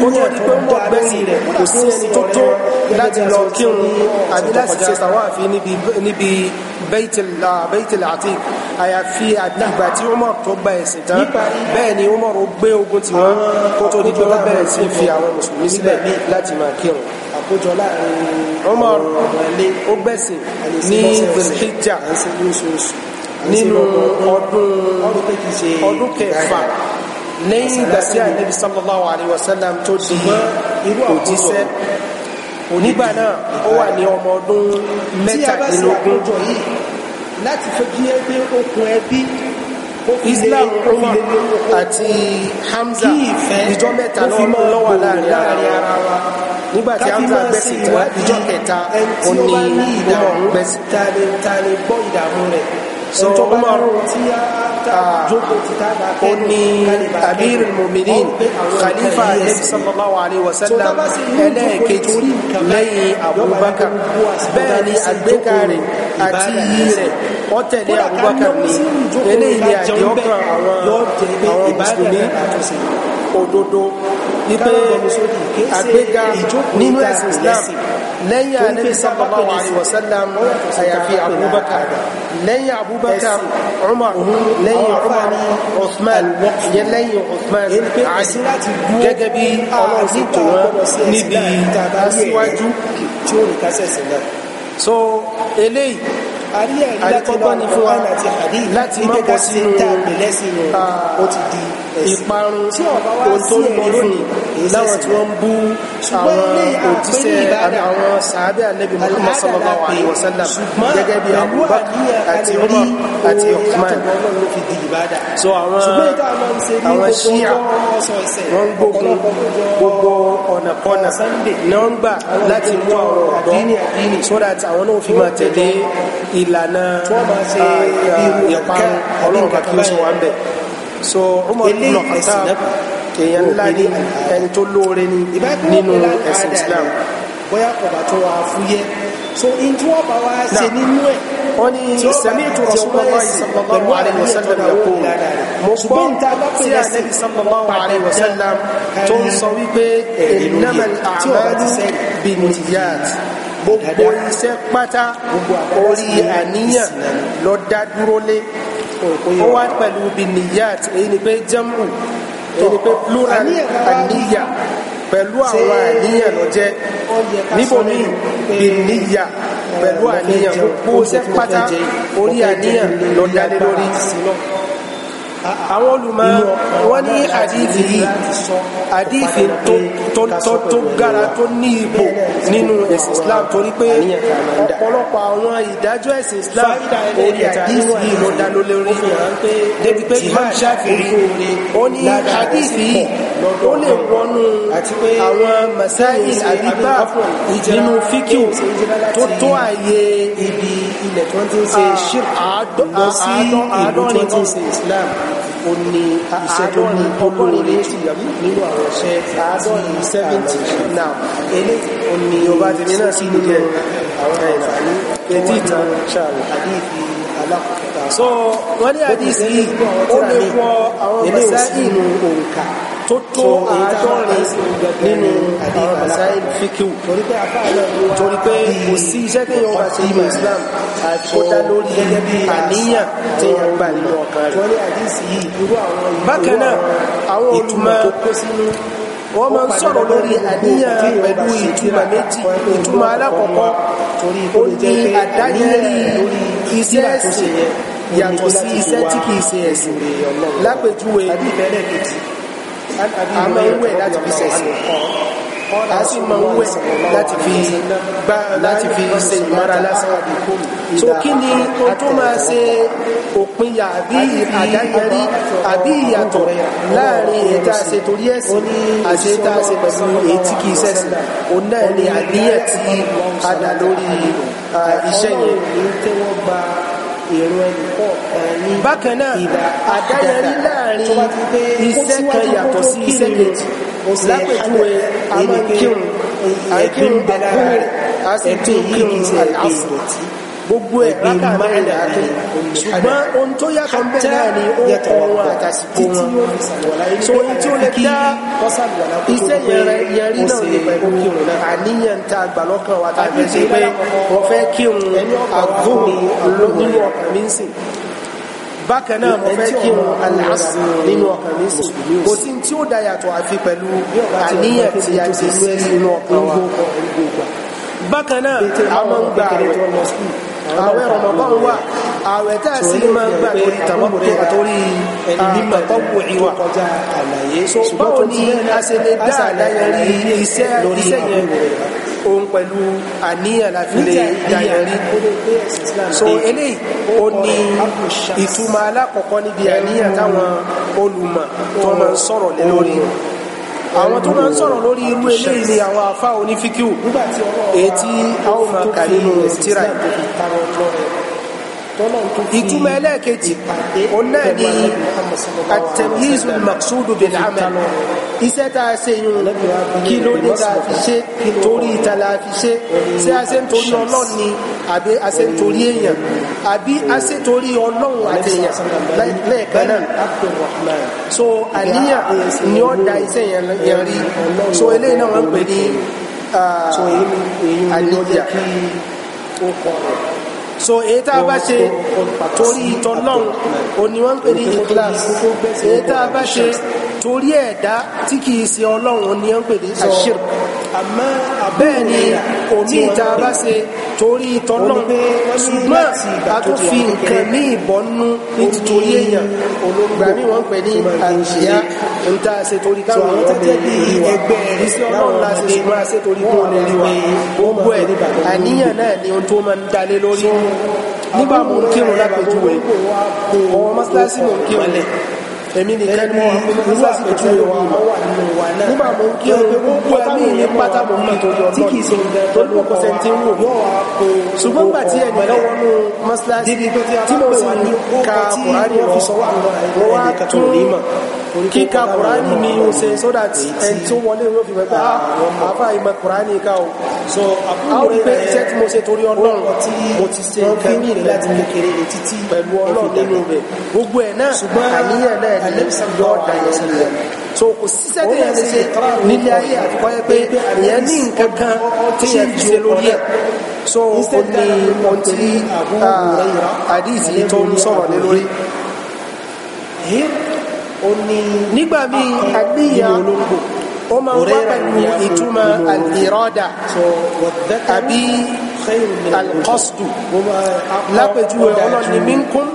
kótó di pé ń bọ̀ gbẹ́sì rẹ̀ kò sí ẹni tó tó àyàfi àdìgbà tí Umar tó gba ẹ̀sìn tán bẹ́ẹ̀ ni Umar gbé ogun tí wọ́n kó tó dídí wọ́n bẹ̀rẹ̀ sí fi àwọn mùsùlùmí sílẹ̀ láti máa kírun àkójọ láàrin Umar ó gbẹ̀sìn ní Dhul-Hijjah nínú ọdún kẹfà lẹ́yìn ìgbà sí ànábi sallallahu alayhi wa sallam tó di òjíṣẹ́ onígbà náà ó wà ní ọmọ ọdún mẹ́tàdínlógún láti fojú ẹgbẹ́ okùn ẹbí islam umar àti hamza ìjọ mẹ́ta lọ́wọ́ láàrin ara wa nígbà tí hamza gbẹ̀sì tán ìjọ kẹta òní ìdáhùn gbẹ̀sì. tani tani gbọ́ ìdààmú rẹ̀ so Umar ó ní amir al-mu'minin khalifa alex sallallahu alayhi wa sallam ẹlẹ́ẹ̀kejì lẹ́yìn abubakar bẹ́ẹ̀ ni àgbékalẹ̀ àti yìí rẹ̀ ó tẹ̀lé abubakar ní eléyìí ni àdéhọ́kàn àwọn àwọn mùsùlùmí òdodo wípé àgbéga nínú ẹ̀sìn islam lẹ́yìn ànábì sallallahu alaihi wasallam àyàfi abubakar lẹ́yìn abubakar umar lẹ́yìn umar usman yẹn lẹ́yìn usman ali gẹ́gẹ́ bí ọlọ́run sì tó wọn níbi síwájú tí ó ní kásẹ̀sẹ̀ náà so eléyìí àríkọ́gbọ́n ni fún wa láti má sínú ìparun ohun tó ń bọ̀ lónìí láwọn tí wọ́n ń bú àwọn Muhammad sallallahu alaihi wasallam gẹ́gẹ́ bí Abubakar àti Umar àti so àwọn àwọn ṣíà wọ́n gbógun gbogbo ọ̀nà kọ́nà ní wọ́n gbà láti mú àwọn ọ̀dọ́ so that àwọn náà fi máa tẹ̀lé ìlànà ìparun ọlọ́run kàkí ó sọ wá ń bẹ̀ so Umar lọ́kàtà èèyàn ńlá ni ẹni tó lóore nínú ẹ̀sìn Islam bóyá kò tó wà fúyẹ́ so in tí wọ́n bá wá ṣe nínú ẹ̀ wọ́n ní sami'tu Rasulullahi sallallahu alaihi wasallam yaqul mo gbọ́ tí Ànábì sallallahu alaihi wasallam tó ń sọ gbogbo iṣẹ́ pátá orí àníyàn lọ dá dúró lé ó wá pẹ̀lú binniyat èyí ni pé jẹ́mù èyí pé plural àníyà pẹ̀lú àwọn àníyàn ló jẹ́ níbòmí ìníyà pẹ̀lú àníyàn gbogbo sẹ́pátá orí àníyàn ló dálé lórí sílọ́ọ̀ àwọn olùmọ̀ wọ́n ní àdífì yìí àdífì tó gara tó ní ipò nínú ẹ̀sìn Islam torí pé ọ̀pọ̀lọpọ̀ àwọn ìdájọ́ ẹ̀sìn Islam orí àdífì yìí ló dá lórí débi pé Imam Shafi'i ó ní àdífì yìí ó lè wọnú àwọn masáyìn àdìgbà nínú fíkìw tó tó àyè ibi ilẹ̀ tó ti ń ṣe ah, ṣírk lọ sí ìlú tó ti ń ṣe islam ó ní ah, iṣẹ́ tó ní tó lóore nínú àwọn iṣẹ́ àádọ́rin seventy now eléyìí ó ní ọba tèmi náà sí nínú àwọn àìsàn ètí ìtàn àdìfi alákòókò so wọ́n ní àdìsí ó lè wọ àwọn mẹ́sàn-án òǹkà tó tó àádọ́rin uh, nínú àwọn masáìlì fíkíw torí pé kò sí iṣẹ́ tí yóò bá ṣe ìmọ̀ Islam àti ọ̀dá lórí gẹ́gẹ́ bí àníyàn tí yóò gbà nínú ọkàn rẹ̀ bákan náà àwọn olùmọ̀ wọ́n máa ń sọ̀rọ̀ lórí àníyàn pẹ̀lú ìtumọ̀ méjì ìtumọ̀ alákọ̀ọ́kọ́ ó ní àdáyẹ̀rí iṣẹ́ ẹ̀sìn yàtọ̀ sí iṣẹ́ tí kìí ṣe ẹ̀sìn lápèjúwe a máa ń wẹ̀ láti fi ṣẹ̀sìn a sì máa ń wẹ̀ láti fi gbá láti fi ṣe ìmára lásán tó kí ni o tó máa ṣe òpinya àbí àdáyẹrí àbí ìyàtọ̀ láàrin ètà àṣẹ torí ẹ̀sìn àti ètà àṣẹ ètí kìí ṣẹ̀sìn òun náà ni àníyàn tí a dà lórí iṣẹ́ yẹn èrò ẹnì kọ̀ọ̀kan ní bákan náà àdáyẹrí láàrin iṣẹ́ kan yàtọ̀ sí iṣẹ́ kejì lápẹ̀júwe àmọ́ kírun àìkírun bẹ̀rẹ̀ àti kírun àlàáfíà gbogbo ẹ̀ rákà mẹ́rẹ̀lẹ̀ ṣùgbọ́n ohun tó yàtọ̀ ń bẹ̀ náà ni ó kọ wọn àtàsìkò wọn so iṣẹ́ yẹrí náà ní pẹ̀lú àníyàn tá a fẹ́ kí wọn aláàsì nínú ọkàn mi sùn kò sí tí ó da àfi pẹ̀lú àníyàn tí a ti lé nínú ọkàn wa bákan a máa ń gba àwẹ̀ àwẹ̀ Ramadan wà àwẹ̀ tá a sì máa gbà lórí tàbátò àtórí àtọ́wò ìwà báwo ni a ṣe lè dá àdáyẹrí iṣẹ́ iṣẹ́ yẹn ohun pẹ̀lú àníyàn láti lè dáyẹrí so eléyìí ó ní ìtumọ̀ alákọ̀ọ́kọ́ níbi àníyàn táwọn olùmọ̀ tó máa ń sọ̀rọ̀ lé lórí àwọn tó máa ń sọ̀rọ̀ lórí irú eléyìí ni àwọn afá onífíkíù èyí tí a ó máa kà nínú tíra yìí ìtumọ̀ ẹlẹ́ẹ̀kejì òun náà ni àtẹ̀bíìsù maqsudu bil amal iṣẹ́ tá a ṣe yun kí ló dé tá a fi ṣe torí ìta la fi ṣe ṣé a ṣe ń torí ọlọ́run ni àbí a ṣe ń torí èèyàn àbí a ṣe torí ọlọ́run àti lẹ́ẹ̀kan náà so àníyàn ni ó da iṣẹ́ yẹn rí so eléyìí náà wọ́n ń pè ní ah, àníyàn so èyí tá a bá ṣe torí ìtọ́lọ́hun òní wọ́n ń pè ní ikhlas èyí tá a bá ṣe torí ẹ̀dá tí kìí ṣe ọlọ́hun òní wọ́n ń pè ní shirk àmọ́ bẹ́ẹ̀ ni òní ìta bá ṣe torí tọ́lọ́ ṣùgbọ́n a tún fi nǹkan ní ìbọnú ní títorí èèyàn olóògbà ní wọ́n pè ní àṣìyá ń tá a ṣe torí káwọn ọmọ tẹ́tẹ́ bí ẹgbẹ́ rí sí ọlọ́run la ṣe ṣùgbọ́n a ṣe torí kó lè rí wa gbogbo ẹ̀ àníyàn náà ni ohun tó máa ń dalé lórí nígbà mò ń kírun lápẹjúwe ọmọ mọ́sálásí mò ń kírun èmi nìkan ni mo wà nínú wa ètò ìwà wà nínú wa náà nígbà mo kí o pé gbogbo àmì ní pátákó mọ̀ tí kì í ṣe ìgbẹ́ tó ní kò sẹ́ńtì ń wò yóò wá kó ṣùgbọ́n gbà tí ẹ̀yìn lọ́wọ́ nú mọ́ṣáláṣí tí mo sì ní ka kùránì lọ mo wá tún kíka kùránì mi ò ṣe sódà tí ẹni tó wọlé ló fi wẹ́ pé ah, àáfà ìmọ̀ kùránì ká o àwọn pé iṣẹ́ tí mo ṣe torí ọlọ́run mo ti ṣe nǹkan mi láti kékeré títí pẹ̀lú ọlọ́run nínú rẹ̀ gbogbo ẹ̀ náà àníyàn náà àlẹ́bìsàlọ́ ọ̀dàyẹsẹ̀lẹ̀ so kò síṣẹ́ tí yẹn ṣe nílé ayé àtúkọ́ yẹ pé ìyẹn ní nǹkan kan tí yẹn fi ṣe lórí ẹ̀ so ó ní ohun tí àdìsí tó ń sọ̀rọ̀ lé lórí nígbà míì àgbéyà olóńgbò ó máa ń wá pẹ̀lú ìtumọ̀ àlìrọ́dà àbí alqasdu lápẹjúwe ọlọ́ni minkum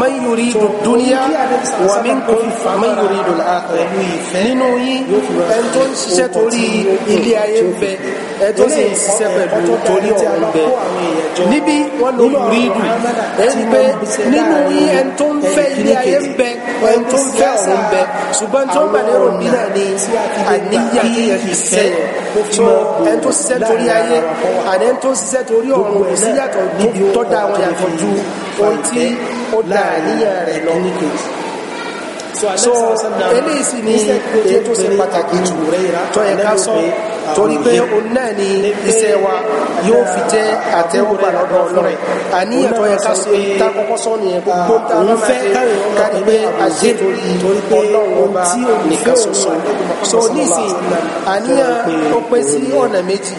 man yuridu dunya wa minkum man yuridu al-akhirah nínú yín ẹn tó ń ṣiṣẹ́ torí ilé ayé ń bẹ ẹn tó sì ń ṣiṣẹ́ pẹ̀lú torí ọ̀run bẹ níbi nínú rídù ẹni pé nínú ẹni tó ń fẹ́ ilé ayé ń bẹ ẹni tó ń fẹ́ ọ̀run ń bẹ ṣùgbọ́n tó ń bẹ̀rẹ̀ rò nílẹ̀ ni àníyá kéèyàn fi sẹ́ tó ẹni tó ṣiṣẹ́ torí ayé àti ẹni tó ṣiṣẹ́ torí ọ̀run kò sí yàtọ̀ tó dá wọn yàtọ̀ ju ohun tí ó dá àníyàn rẹ̀ lọ so eléyìí sì uh, uh, uh, ni èyí tó ṣe pàtàkì jù tó yẹ ká sọ torí pé o náà ni iṣẹ́ wa yóò fi jẹ́ àtẹ́wọ́gbà lọ́dọ̀ ọlọ́rẹ̀ àníyàn tó yẹ ká ṣe takọ́kọ́ sọ nìyẹn gbogbo òun fẹ́ kárí pé àṣẹ torí ọlọ́run ọba nìkan ṣoṣo so nísìn àníyàn ó pẹ́ sí ọ̀nà méjì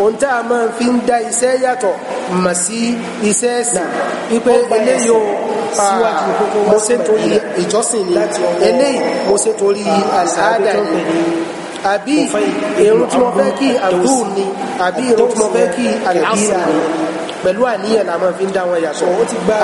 ohun tá a máa fi ń dá iṣẹ́ yàtọ̀ mà sí iṣẹ́ ẹ̀sìn wípé eléyìí síwájú mo ṣe torí ìjọsìn ni eléyìí mo ṣe torí àlàádà ni àbí irun tí mo fẹ́ kí àdúrà ni àbí irun tí mo fẹ́ kí àlàádà ni pẹ̀lú àníyàn la máa fi ń dá wọn yàtọ̀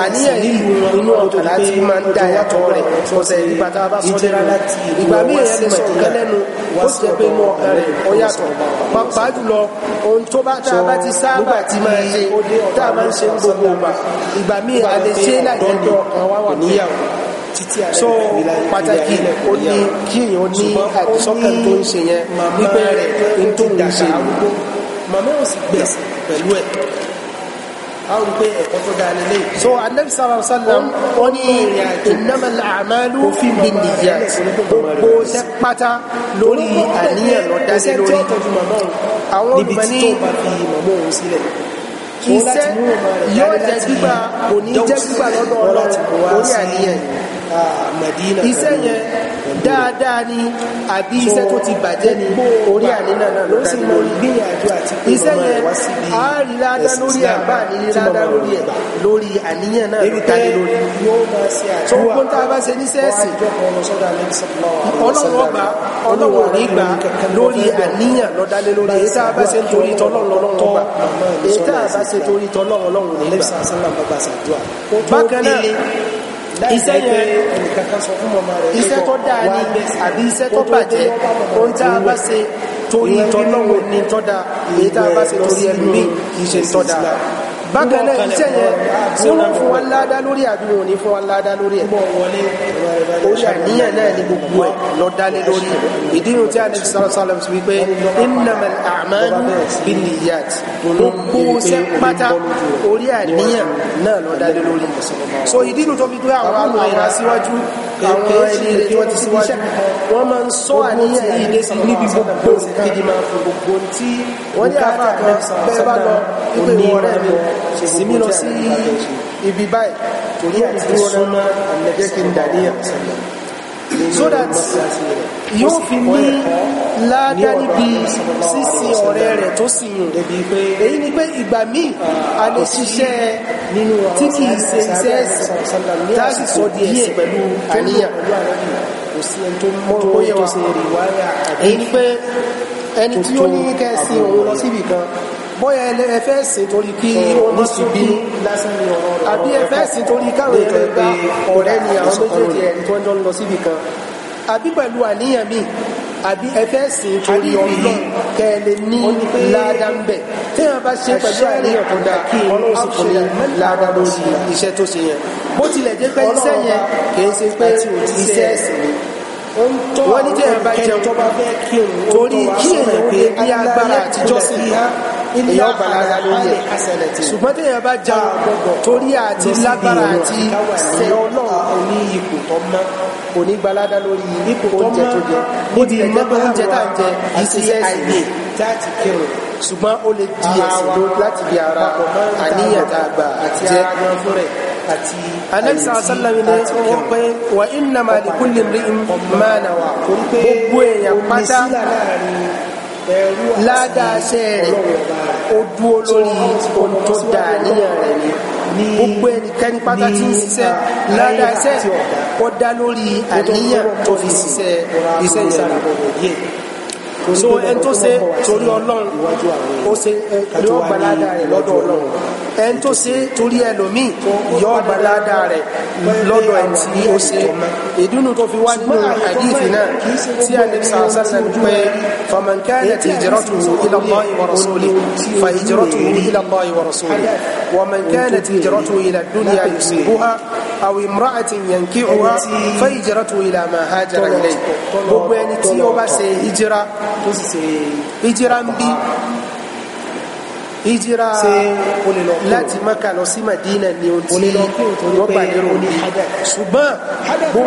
àníyàn nílùú wọn inú ọ̀tọ̀lá tí máa ń dá yàtọ̀ rẹ̀ ọ̀sẹ̀ ìgbà tá a bá sọ lẹ́nu ìgbà míì yẹn lè sọ̀rọ̀ lẹ́nu ó sì jẹ́ pé inú ọkàn rẹ̀ ó yàtọ̀ pàápàá jùlọ ohun tó bá tá a bá ti sábà ti máa ṣe tá a máa ń ṣe ń gbogbo ọgbà ìgbà míì a lè ṣe láìpẹ́ so pàtàkì ó ní kí èèyàn ní àdìsọ́kàn tó ń ṣe yẹn wípé rẹ̀ ń tó ń ṣe màmá ò sì gbèsè pẹ̀lú ẹ̀ a rí pé ẹ̀kọ́ tó dáa lélẹ̀. so anabi sallallahu alayhi wa sallam ó ní ìrìn àjò innamal a'malu binniyat gbogbo ṣe pátá lórí àníyàn lọ́dá sí lórí àwọn olùmọ̀ ní yóò jẹ́ gbígbà kò ní jẹ́ gbígbà lọ́dọ̀ ọlọ́run orí àníyàn iṣẹ́ yẹn dáadáa ni àbí iṣẹ́ tó ti bàjẹ́ ni orí àníná náà ló sì mọ gbìyànjú àti pé iṣẹ́ yẹn á rí ládá lórí àbá ní ládá lórí ẹ̀ lórí àníyàn náà ló tálé lórí. tó kún tá a bá ṣe níṣẹ́ ẹ̀sìn ọlọ́run ọgbà ọlọ́run òní gbà lórí àníyàn lọ́dálé lórí èyí tá a bá ṣe ń torí tọ́lọ́run ọlọ́run ọgbà èyí tá a bá ṣe torí tọ́lọ́run ọlọ́run òní gbà iṣẹ́ yẹn iṣẹ́ tó dáa ni àbí iṣẹ́ tó bàjẹ́ ohun tá a bá ṣe torí tọ́lọ́wọ́ ni tọ́da èyí tá a bá ṣe torí ẹlòmíì kì ṣe tọ́da bákan náà iṣẹ́ yẹn tí wọ́n fún wa ládá lórí àbí wọn ò ní fún wa ládá lórí ẹ̀ orí àníyàn náà ni gbogbo ẹ̀ lọ dálé lórí ìdí nu tí a ní sọ̀rọ̀ sọ̀rọ̀ sí wípé innamal a'malu binniyat gbogbo ṣe pátá orí àníyàn náà lọ dálé lórí so ìdí nu tó fi pé àwọn àwọn ìrà síwájú àwọn ẹni rẹ̀ tí wọ́n ti síwájú wọ́n máa ń sọ àníyàn yìí dé sí níbi gbogbo ìdí máa fi gbogbo tí wọ́n bẹ́ẹ̀ bá lọ wípé ìwọ̀n sinmi lọ sí ibi báyìí torí àti dúró náà jẹ́ kí n dàníyàn so that yóò fi ní ládá níbi sísí ọ̀rẹ́ rẹ̀ tó sì yùn èyí ni pé ìgbà míì ah, a lè ṣiṣẹ́ tí kì í ṣe iṣẹ́ ẹ̀sìn láti sọ díẹ̀ pẹ̀lú àníyàn èyí ni pé ẹni tí ó ní kẹ́ẹ̀sìn òun lọ síbì kan bóyá ẹ fẹ́ sìn torí kí wọ́n sì bínú àbí ẹ fẹ́ sìn torí káwọn ẹ̀rẹ́ gba ọ̀rẹ́ ni àwọn méjèèjì ẹni tó ń jọ lọ síbi kan àbí pẹ̀lú àníyàn míì àbí ẹ fẹ́ sìn torí ọlọ́run kẹ ẹ lè ní ládàmbẹ̀ tí wọ́n bá ṣe pẹ̀lú àníyàn tó dáa ọlọ́run sì ní ládà lórí iṣẹ́ tó ṣe yẹn bó tilẹ̀ jẹ́ pé iṣẹ́ yẹn kì í ṣe pé iṣẹ́ ẹ̀sìn ni wọ́n ní tí ẹ̀ bá jẹun torí kí èèyàn pé bí agbára àtijọ́ sí i èyàn balaga lórí ẹ̀ ṣùgbọ́n tí èyàn bá já torí àti lágbára àti ṣe ọlọ́run ní ipò tó mọ́ kò ní gbalaga lórí oúnjẹ tó jẹ bó ti ẹ̀jẹ̀ pé oúnjẹ tá à ń jẹ ṣùgbọ́n ó lè di ẹ̀sìn láti di ara àníyàn tá a gbà jẹ́ anabisa asalami ne wọn pe wa inna ma li kulli imri'in ma nawa gbogbo èèyàn pátá ládàáṣẹ́ rẹ̀ ó dúó lórí ohun tó dà níyàn rẹ̀ ni gbogbo ẹnikẹ́ni pátá tí ń ṣiṣẹ́ ládàáṣẹ́ ó dá lórí àníyàn tó fi ṣiṣẹ́ iṣẹ́ yẹn so ẹn tó ṣe torí ọlọ́run ó ṣe yóò gbalada rẹ̀ lọ́dọ̀ ọlọ́run ẹn tó ṣe torí ẹlòmíì yóò gbalada rẹ̀ lọ́dọ̀ ẹn tí ó ṣe ìdúnnù tó fi wá nínú àdìsí náà tí a lè sàásàsàn pé famankanat hijratuhu ila Allah wa rasulih fa hijratuhu ila Allah wa rasulih wa man kanat hijratuhu ila dunya yusibuha aw imra'atin yankihuha fa hijratuhu ila ma hajara ilayh gbogbo ẹni tí ó bá ṣe hijira tó sì ṣe ìjìra ń bí ìjìra láti maka lọ sí madina ni o ti wọ́n pàdé rò ní ṣùgbọ́n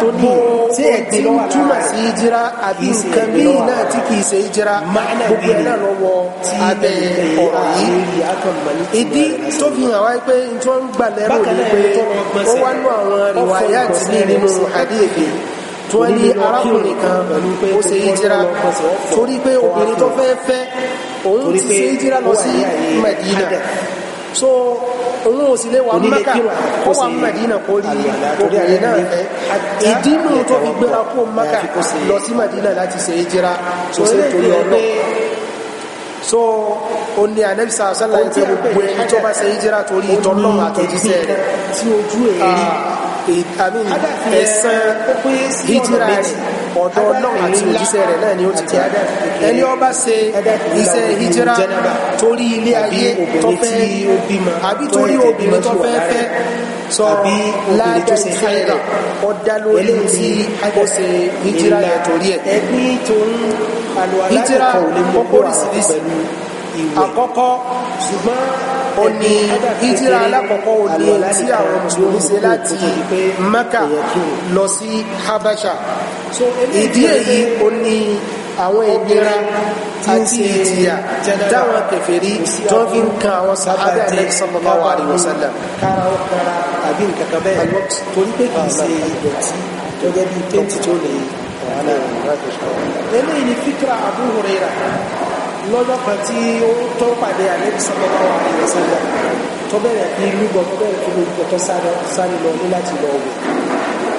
tó ní tí ẹ̀ tí ń túmọ̀ sí ìjìra àbí nǹkan náà tí kìí ṣe ìjìra gbogbo ẹ̀ náà lọ́wọ́ abẹ́ ọ̀rọ̀ yìí ìdí tó fi hàn wáyé pé tí wọ́n ń gbà lẹ́rù ní pé ó wá nú àwọn rìwáyà àti nínú àdéhùn tí wọ́n ní arákùnrin kan ó ṣe hijira torí pé obìnrin tó fẹ́ fẹ́ òun ti ṣe hijira lọ sí Medina so òun ò sì lè wà Mẹ́kà ó wà Mẹ́dínà kó rí obìnrin náà fẹ́ ìdínú tó fi gbéra kó Mẹ́kà lọ sí Mẹ́dínà láti ṣe ìjira tó ṣe torí ọlọ́ so o ní anẹ́bísà sálà ìjẹ́ gbogbo ẹni tó bá ṣe ìjira torí ìtọ́lọ́ àtòjíṣẹ́ rẹ̀ tí ojú èrí ẹ̀san hijira rẹ̀ ọ̀dọ̀ ọlọ́run àti òjíṣẹ́ rẹ̀ náà ni ó ti tẹ́ ẹni ọba ṣe iṣẹ́ hijira torí ilé ayé tó fẹ́ àbí torí obìnrin tó fẹ́ fẹ́ sọ ládàá iṣẹ́ rẹ̀ ó dá lórí tí ó ṣe hijira rẹ̀ torí ẹ̀ hijira ó kórìsìrìsì àkọ́kọ́ ṣùgbọ́n ó ní ìtìrà alákọ̀ọ́kọ́ ó ní tí àwọn mùsùlùmí ṣe láti Mẹ́kà lọ sí Habasha ìdí èyí ó ní àwọn ìnira àti ìtìyà táwọn kèfèrí tó fi ń kan àwọn sábẹ́ àti sallallahu alaihi àbí nǹkan bẹ́ẹ̀ torí pé kìí ṣe ìdọ̀tí tó gẹ́gẹ́ bí tẹ́ǹtì tó lè wà náà eléyìí lọ́jọ́ kan tí ó tó pàdé àlẹ́bí sọ́mọ́lá wa àlẹ́ sọ́lá tó bẹ̀rẹ̀ bí lúgọ tó bẹ̀rẹ̀ tó lórúkọ tó sáré lọ ní láti lọ wẹ̀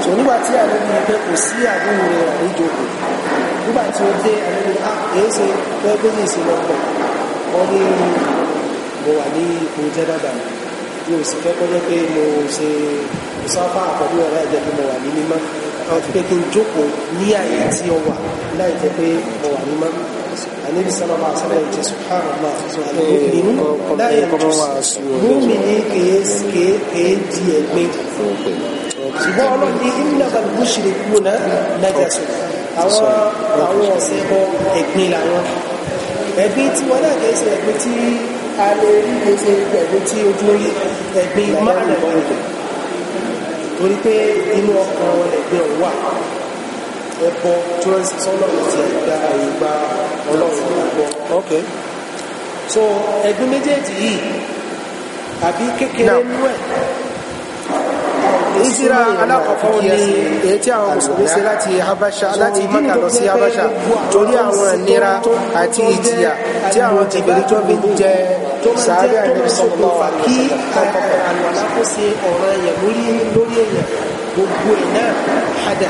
tó nígbà tí àlẹ́bí yẹn pé kò sí àdúrà rẹ̀ àlejò kù nígbà tí ó dé àlẹ́bí a ah, èyí ṣe bẹ́ẹ̀ bẹ́ẹ̀ yìí ṣe lọ pọ̀ ọ ní mo wà ní ipò jẹ́ bàbá mi mi ò sì fẹ́ kọ́ jẹ́ pé mo ṣe ìsọ́fà àkọ́bí ọ̀rẹ́ ẹ̀jẹ̀ bí mo wà ní mímọ́ àwọn pé kí n jókòó ní àyè tí ọ wà láì jẹ́ pé mo wà ní mímọ́ النبي صلى الله عليه وسلم سبحان الله المؤمن لا ينقص مؤمن كيس كيدي الميت ṣùgbọ́n ọlọ́run ní ìmìnàbà lùmúṣìlì kúrò náà nàjàsù àwọn àwọn ọ̀sẹ̀ ẹ̀kọ́ ẹ̀gbin làwọn ẹ̀gbin tí wọ́n náà kẹ́sì ẹ̀gbin tí a lè rí gbèsè ẹ̀gbin tí ojú rí ẹ̀gbin máa nà lọ́rùn torí pé inú ọkàn ẹ̀gbin ọ̀wà ẹbọ tí wọ́n sì sọ́nà ti gba ìgbà ọlọ́run ẹbọ. ok so ẹ̀gbin méjèèjì yìí àbí kékeré nú ẹ̀ ìsira alákọ̀ọ́kọ́ ni èyí tí àwọn mùsùlùmí ṣe láti habasha láti maka lọ sí habasha torí àwọn ìnira àti ìtìyà tí àwọn tìbẹ̀rẹ̀ tó fi jẹ sàárẹ̀ àdébísọ̀kọ̀ fà kí àlùwàlá kó ṣe ọ̀ràn èèyàn lórí èèyàn gbogbo ẹ̀ náà hádà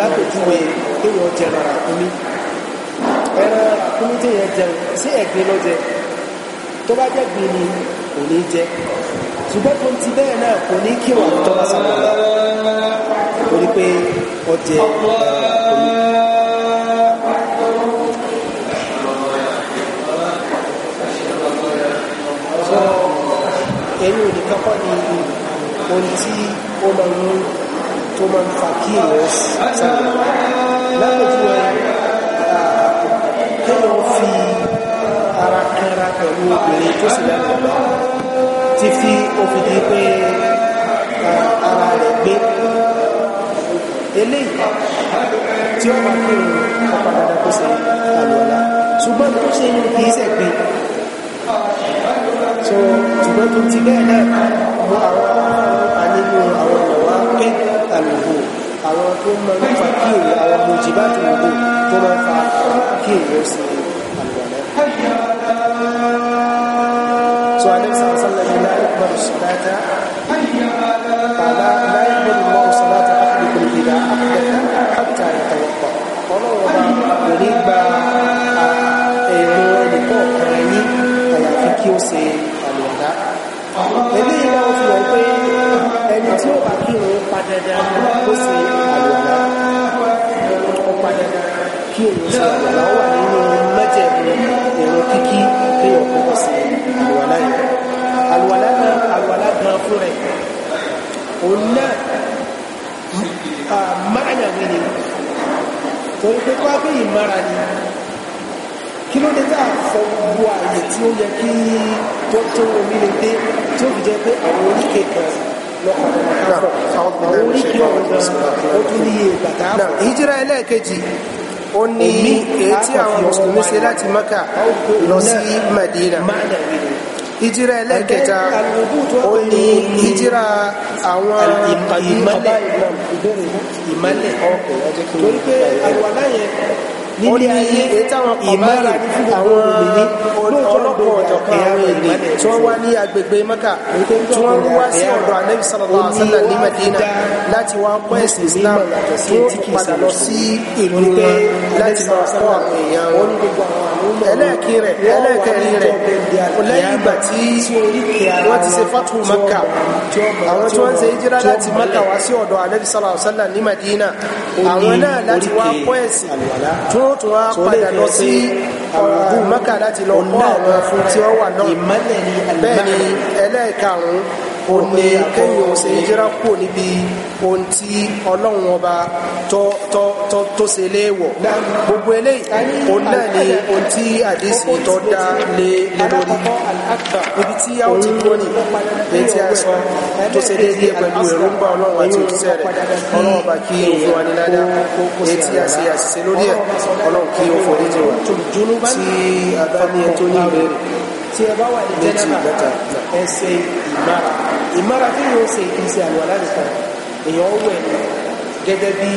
lápèjúwe kéèyàn jẹran ràkúnmí ẹran ràkúnmí téèyàn jẹun sí ẹ̀gbin ló jẹ tó bá jẹ́ gbin ni kò ní jẹ ṣùgbọ́n tó ti bẹ́ẹ̀ náà kò ní kí wọ́n tọ́ bá sàmọ́lá torí pé ọjẹ́ ẹran ràkúnmí. ẹ̀yìn òní kápá ni ohun tí ó máa ń Toman máa ń fa kí èèyàn sálẹ̀ lápẹ̀jú ẹ kéèyàn fi ara kanra pẹ̀lú obìnrin tó sì lẹ́nu lọ ti fi òfin di pé ara rẹ̀ gbé eléyìí tí ó máa kéwòn ọ̀pá kó ṣe àlọ́lá ṣùgbọ́n tó ṣe yín kì í ṣẹ̀gbìn so ṣùgbọ́n tó ti bẹ́ẹ̀ náà mú àwọn àníyàn àwọn ọ̀rọ̀ mujibati alùgbò àwọn tó máa ń fa kí àwọn mujibati alùgbò tó máa ń kí èèyàn sí alùwàlẹ́ kí èèyàn ṣe àgbàlá wà nínú mẹ́jẹ̀ẹ̀mú èrò kíkí kéèyàn kọ́kọ́ sí àlùwàlá yẹn àlùwàlá gan àlùwàlá gan fún rẹ̀ òun náà máyà mi ni torí pé kó abẹ́ ìmára ni kí ló dé tá a fọ gbogbo ààyè tí ó yẹ kí tó tó omi lè dé tí ó fi jẹ pé àwọn oríkèé kan lọ́kọ̀ọ́kọ́ àwọn oríkèé ọ̀gbọ̀n ó tún níye bàtà hijira ẹlẹ́ẹ̀kejì ó ní èyí tí àwọn mùsùlùmí ṣe láti maka lọ sí madina ìjírà ẹlẹ́kẹta ó ní ìjírà àwọn ìmọ̀lẹ̀ ìmọ̀lẹ̀ ọkọ̀ torí pé àwọn aláyẹ àwọn ọlọ́pọ̀ ọ̀jọ̀kan àwọn èdè tí wọ́n wá ní agbègbè mẹ́kà tí wọ́n wá sí ọ̀dọ̀ ànábì sallallahu alaihi wasallam ní madina láti wá kọ́ ẹ̀sìn islam tó padà lọ sí ìlú wọn láti máa kọ́ àwọn èèyàn wọn ẹlẹ́ẹ̀kí rẹ̀ ẹlẹ́ẹ̀kẹ́ni rẹ̀ lẹ́yìn ìgbà tí wọ́n ti ṣe fatu maka àwọn tí wọ́n ṣe hijira láti maka wá sí ọ̀dọ̀ anabi sallallahu alaihi wasallam ní madina àwọn náà láti wá kọ́ ẹ̀sìn tí wọ́n tún wá padà lọ sí ọ̀dọ̀ maka láti lọ kọ́ àwọn fún tí wọ́n wà náà bẹ́ẹ̀ ni ẹlẹ́ẹ̀karùn-ún ó pé kéèyàn ṣe hijira kúrò níbi ohun tí ọlọ́run ọba tó tó tó léèwọ̀ gbogbo eléyìí òun náà ni ohun tí àdìsí tó dá lé lórí ibi tí a ó ti dúró ní èyí tí a sọ tó ṣe déédéé pẹ̀lú èròǹgbà ọlọ́run àti òṣìṣẹ́ rẹ̀ ọlọ́run ọba kí o fún ní ládá èyí tí a ṣe àṣìṣe lórí ẹ̀ ọlọ́run kí o forí jẹ wa tí a bá ní ẹ tó ní ìbéèrè tí ẹ bá wà ní jẹ́nẹ́bà ẹ ṣe ìmára ìmára tí yóò ṣe kì í ṣe àlùwàlá nìkan èèyàn wẹ̀ gẹ́gẹ́ bí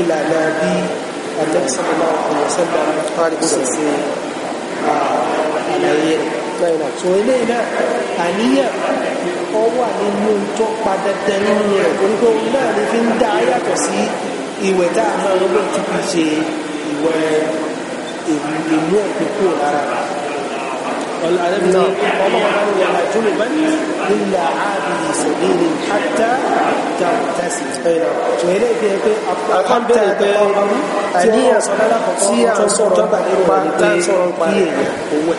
ìlànà bí àtẹ́sánná ọ̀sẹ̀dá ó sì ṣe àlàyé náírà tó eléyìí náà àníyàn ọ wà nínú tó padà dẹ nínú rẹ̀ náà ni fi ń dá yàtọ̀ sí ìwẹ̀ tá a máa ń lò tó fi ṣe ìwẹ̀ ìmú ẹ̀gbẹ́ kúrò lára rẹ̀. والأدب جنبا إلا عابر سبيل حتى تغتسل ṣòyẹ́lẹ́ fi ẹ pé àpáńbẹ̀rẹ̀ pé àníyàn tí a ń sọ̀rọ̀ nípa tásọ̀rọ̀ pa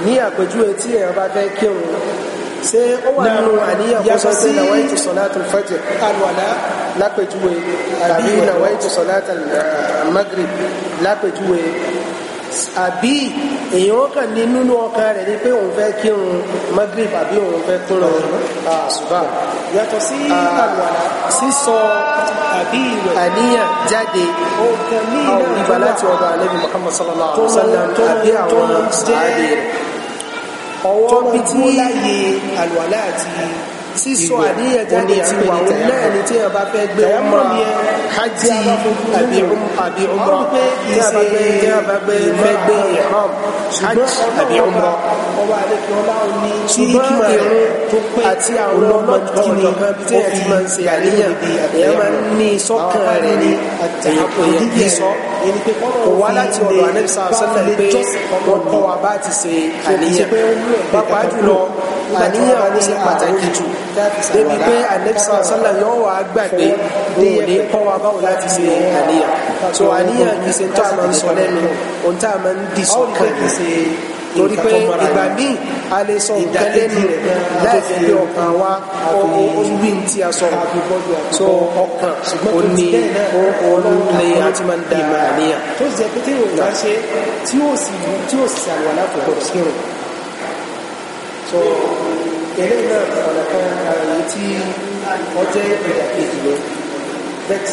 ní àpèjúwe tí ẹ bá fẹ́ kí òun ṣé ó wà nínú àníyàn kó sọ pé nàwọ́ ètò sọ̀láàtì fẹ́jẹ̀ alùwàlá lápèjúwe àbí nàwọ́ ètò sọ̀láàtì magrib lápèjúwe àbí èyàn ó kàn ní nínú ọkàn rẹ̀ ni pé òun fẹ́ kírun magrib àbí òun fẹ́ kírun àṣùbà ah, yàtọ̀ sí ah. àlùwàlá sísọ àbí ìwẹ̀ àníyàn jáde àwọn ìgbà láti ọ̀dọ̀ àlẹ́bí muhammad sallallahu àbí àwọn àádé ọwọ́ bí tí ó láyé àlùwàlá àti sísọ àníyàn jáde ti wà ó náà ni tí yẹn bá fẹ́ gbé ọmọ yẹn hajj àbí àbí ọmọ tí yẹn bá gbé yẹn bá gbé fẹ́ gbé ihram hajj àbí ọmọ tí irun àti àwọn ọmọ kìíní tí yẹn ti àníyàn yẹn máa ní sọ́kàn rẹ̀ ní àtẹ̀yẹ̀kọ̀ sọ kò wá láti ọ̀dọ̀ anẹ́bísà sọ́tẹ̀ pé wọ́n wa bá ti ṣe àníyàn pápá jùlọ àníyàn ti pàtàkì jù débi pé anẹ́bísà sọ́là yóò wà á gbàgbé òun ní kọ́ wa báwo láti ṣe àníyàn so àníyàn kì í ṣe tó a máa ń sọ lẹ́nu ohun tá a máa ń dì sọ́kàn torí pé ìgbà míì a lè sọ nǹkan lẹ́nu rẹ̀ láti fi ọkàn wa olúwi tí a sọ so ọkàn ó ní olùlé àti máa ń da àníyàn. tó jẹ́ pé tí yóò ṣe tí yóò sì ṣàlùwà láti ọ̀pọ̀ sí ọ̀rọ̀ tẹ̀lé náà ọ̀nà kan ààyè tí ọjọ́ ìpìlẹ̀ kejì lọ vex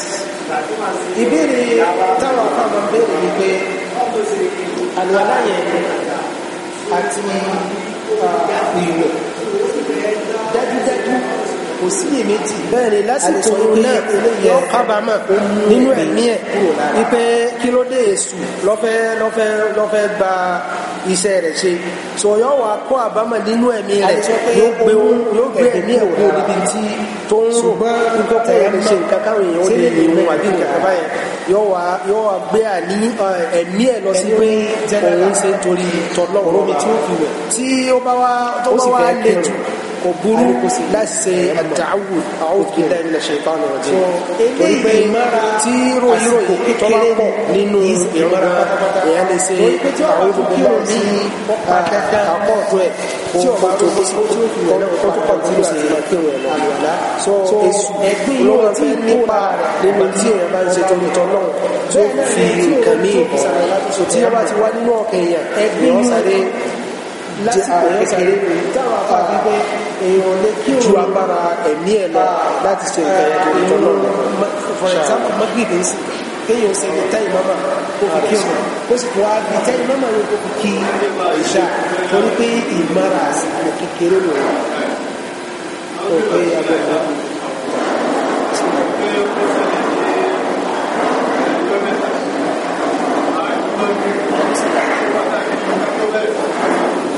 ìbéèrè táwọn afáàmà béèrè ni pé àlùwàlá yẹn àti ìwẹ̀ kò sí iyèméjì bẹ́ẹ̀ni lásìkò náà yọ kábàámà nínú ẹ̀mí ẹ̀ wípé kí ló dé èṣù lọ́fẹ́ lọ́fẹ́ lọ́fẹ́ gba iṣẹ́ rẹ̀ ṣe tó yọ wà kó àbámà nínú ẹ̀mí rẹ̀ yóò gbé ẹ̀mí ẹ̀ wò níbi tí tó ń rò nítorí ẹ̀mí ṣe nǹkan káwọn èèyàn ó lè lè mú àbí nǹkan báyẹn yọ wà yọ wà gbé àní ẹ̀mí ẹ̀ lọ sí pé òun ṣe torí tọ́lọ́run tí ó fi wẹ̀ tí ó bá wá lè jù kò burú láti ṣe àtàwù àwòkí torí pé tí ròyìnrò kékeré nínú ìmọ̀ra èèyàn lè ṣe àwọn olùkọ́ sí àkọ́ọ̀tù ẹ̀ tí ọba tó kó sí kó tó pàtó ló ṣe máa kéwòn ẹ̀ lọ́wọ́ so èsù lásìkò yẹn sáré táwọn afá wípé èèyàn lè kí òun ju agbára ẹ̀mí ẹ̀ lọ láti ṣe nǹkan ẹ̀jọ̀ tó lọ lọ. for example magreth ń sìn kéèyàn ṣe lè tẹ́ ìmọ́mà kó fi kí òun ó sì kó àgbè tẹ́ ìmọ́mà yóò kó fi kí ìṣá torí pé ìmọ̀ra àsìkò kékeré lò ó pé agbẹ́gbẹ́ Thank you.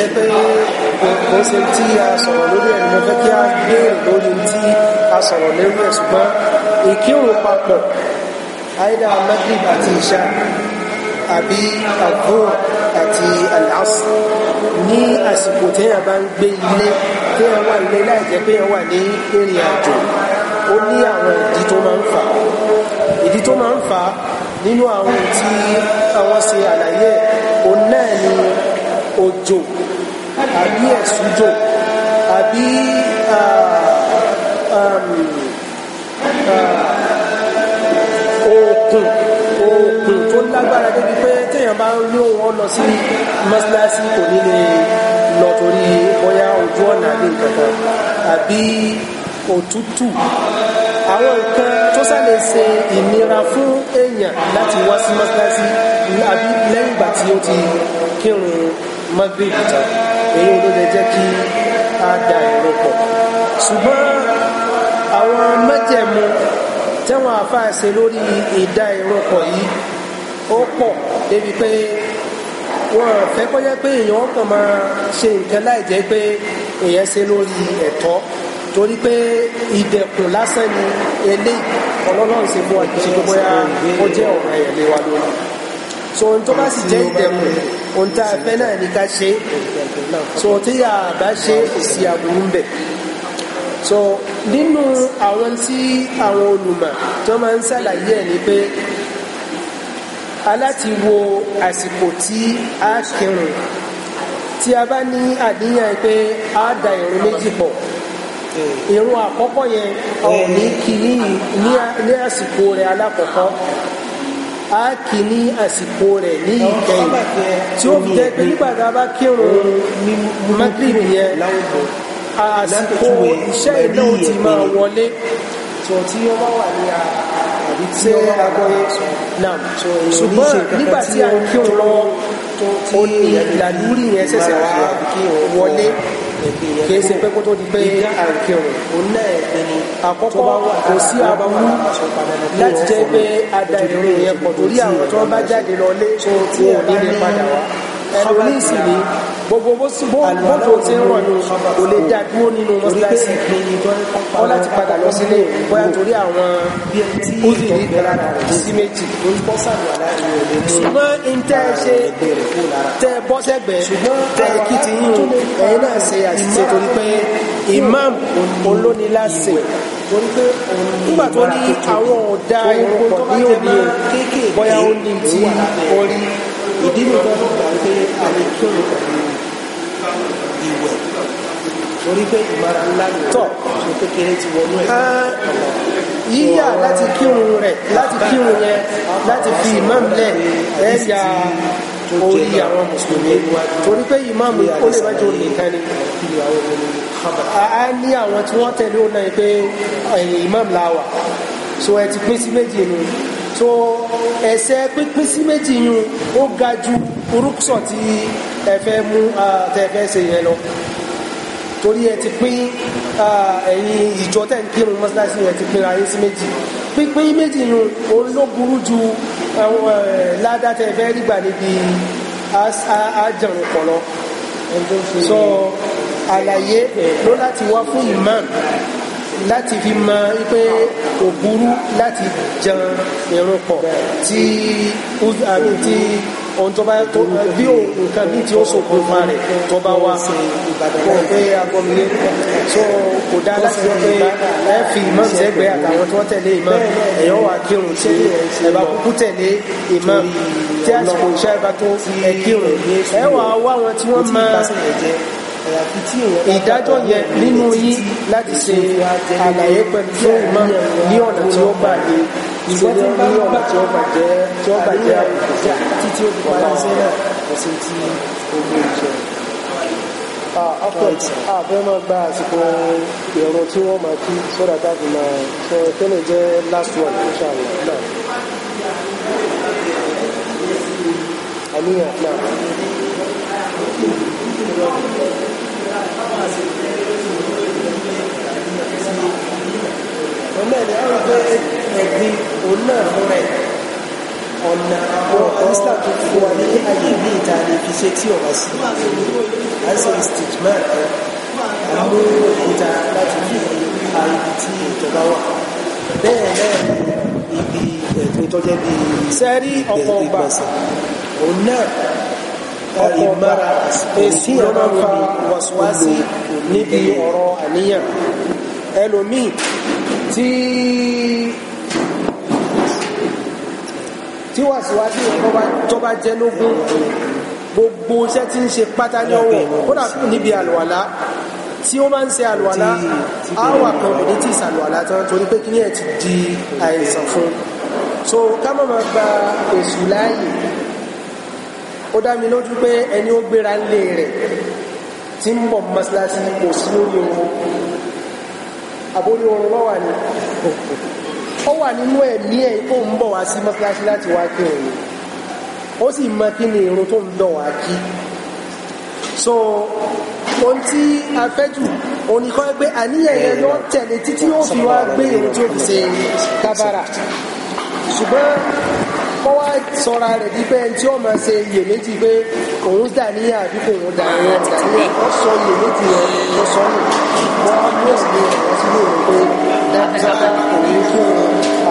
jẹ́ pé kò ṣe tí a sọ̀rọ̀ lórí ẹ̀ ni mo fẹ́ kí a béèrè lórí tí a sọ̀rọ̀ lórí ẹ̀ ṣùgbọ́n ìkírun papọ̀ àìdá magrib àti ìṣá àbí àgbóò àti àlàásì ní àsìkò téèyàn bá ń gbé ilé téèyàn wà ilé láì jẹ́ pé wà ní ìrìn àjò ó ní àwọn ìdí tó máa ń fà ìdí tó máa ń fà nínú àwọn tí àwọn ṣe àlàyé òun náà ni òjò àbí ẹ̀sùjò àbí òkun òkun tó lágbára débi pé téèyàn bá ń lò wọ́n lọ sí mọ́sálásí kò ní lè lọ torí bóyá ojú ọ̀nà àbí nǹkan àbí òtútù àwọn nǹkan tó sálẹ̀ ṣe ìnira fún èèyàn láti wá sí mọ́sálásí àbí lẹ́yìn ìgbà tí ó ti kírun mọ́gbé ìjọba èyí ló lè jẹ́ kí a da èrò pọ̀ ṣùgbọ́n àwọn mẹ́jẹ̀mú tẹ́wọ̀n àfáàṣe lórí ìdá èrò pọ̀ yìí ó pọ̀ débi pé wọ́n fẹ́ kọjá pé èèyàn kàn máa ṣe nǹkan láì jẹ́ pé èèyàn ṣe lórí ẹ̀tọ́ torí pé ìdẹ̀kùn lásán ni eléyìí ọlọ́lọ́run ṣe fún wa ṣe tó bóyá ó jẹ́ ọ̀ràn ẹ̀yẹ̀ lórí so ohun tó bá sì jẹ́ ìdẹ̀kùn ohun tá a fẹ́ náà ní ká ṣe so tí a bá ṣe sí aburú bẹ̀ so nínú àwọn tí àwọn olùmọ̀ tó máa ń ṣàlàyé ẹ̀ ni pé aláti wo àsìkò tí a kírun tí a bá ní àníyàn pé a da ìrun méjì pọ̀ ìrun àkọ́kọ́ yẹn ọ̀ ní kí ní àsìkò rẹ̀ alákọ̀ọ́kọ́ á kì í ní ni rẹ̀ ní ìkẹyìn tí ó fi jẹ́ pé nígbà tá a bá kírun magrib yẹn àsìkò iṣẹ́ iná ó ti máa wọlé tí ó bá wà ní àbí tí ó bá ṣùgbọ́n nígbà tí a ń kírun lọ́wọ́ ó ní ìdàlúrí yẹn ṣẹ̀ṣẹ̀ wọlé kìí ṣe pé kó tó di pé àkọ́kọ́ kò sí àbúrú láti jẹ́ pé adarí yẹn pọ̀ torí àwọn tó bá jáde lọ lé tí wọn ní lè padà wá ẹlòmíì sì ni gbogbo bó sì bóòtò tí ń rọ̀ ní kò lè dá dúró nínú mọ́síláṣí ọ láti padà lọ sílé bóyá torí àwọn bíẹ́tì sí méjì ṣùgbọ́n n tẹ́ ẹ ṣe tẹ́ bọ́ sẹ́gbẹ̀ẹ́ tẹ́ ẹ kí ti yín ẹ̀yin náà ṣe àṣìṣe torí pé imam olóniláṣẹ torí pé nígbà tó ní àwọn ọ̀dà ìrùn pọ̀ ní òní o bóyá ó ní ti orí ìdí nìkan tó gbà pé àlékèrò pẹ̀lú ìwẹ̀ torí pé ìmọ̀ra ńlá tọ̀ ní kékeré ti wọnú ẹ̀. yíyà láti kírun rẹ̀ láti kírun yẹn láti fi imam ẹ̀ ya orí àwọn mùsùlùmí torí pé imam ó lè má jẹ́ òní nǹkan ni a ní àwọn tí wọ́n tẹ̀lé òun náà pé imam la wà so ẹ ti pín sí méjì nu so ẹsẹ pínpín sí méjì yun ó ga jù orúkúsọ̀ tí ẹ fẹ́ mú tẹ fẹ́ ṣe yẹn lọ torí ẹ ti pín ẹ̀yin ìjọ tẹ̀ ń kírun mọ́sálásí yẹn ti pín ayé sí méjì pínpín méjì yun òun ló burú ju ládàá tẹ fẹ́ rí gbà níbi àjẹrùn pọ̀ lọ sọ àlàyé ló láti wá fún imam láti fi mọ pé kò burú láti jẹun ìrún pọ̀ tí àmì tí ohun tó bá tó bí o nǹkan bí tí ó ṣokùnfà rẹ̀ tó bá wá kó pé agbọ́mìlẹ̀ tó kò dá láti wọ́n pé ẹ fi imam sẹ́gbẹ́ àtàwọn tó tẹ̀lé imam ẹ̀yọ́ wà kírun tí ẹ bá kúkú tẹ̀lé imam tí àsìkò iṣẹ́ bá tó ẹ kírun ẹ wà wá wọn tí wọ́n máa ìdájọ́ yẹn nínú yín láti ṣe àlàyé pẹ̀lú tó ìmọ̀ ní ọ̀nà tí ó gbà ní ní ọ̀nà tí ó gbà jẹ́ àbùkù tí ó fi parí iṣẹ́ náà kò sí tí ogun ìṣẹ́ àbẹ́mọ̀ gba àsìkò ìrun tí last one inshallah náà àníyàn náà ọmọ ẹ̀dẹ̀ àwọn ẹgbẹ́ ẹ̀gbin òun náà fún rẹ̀ ọ̀nà àwọn kọ́ńsítà tó fún wa ní àyè ní ìta lè fi ṣe tí ọ̀rọ̀ sí i ṣe stage man kan àmú ìta láti fi fa ibi tí ìjọba wà bẹ́ẹ̀ náà ibi ẹ̀tọ́ ìtọ́jẹ́ bí sẹ́rí ọkọ̀ tí wàsíwàsí tó bá jẹ́ lógún gbogbo iṣẹ́ tí ń ṣe pátá ní ọwọ́ kódà níbi àlùwàlá tí ó máa ń ṣe àlùwàlá àwà kan kò ní tí ìsàlùwàlá tán torí pé kí ní ẹ̀ ti di àìsàn fún so ká mọ̀ máa gba èṣù láàyè ó dá mi lójú pé ẹni ó gbéra ńlé rẹ̀ tí ń bọ̀ mọ́sálásí kò sí lórí oorun àbórí oorun lọ́wà ni ó wà nínú ẹ̀mí ẹ̀ tó ń bọ̀ wá sí mọ́sálásí láti wá kí òun ó sì mọ kí ni irun tó ń bọ̀ wá kí so ohun tí a fẹ́ jù òun ni kọ́ pé àníyàn yẹn yọ tẹ̀lé títí ó fi wá gbé irun tó fi ṣe kábàrà ṣùgbọ́n kọ́ wá sọra rẹ̀ bí pé ẹni tí ó máa ṣe iyèméjì pé òun dà ní àbí kò òun dà ní ọ̀dà ní ọ̀sọ̀ iyèméjì rẹ̀ lọ́sọ̀ọ́nù wọ́n á mú ẹ̀sìn ní òun dáadáa òun kí wọn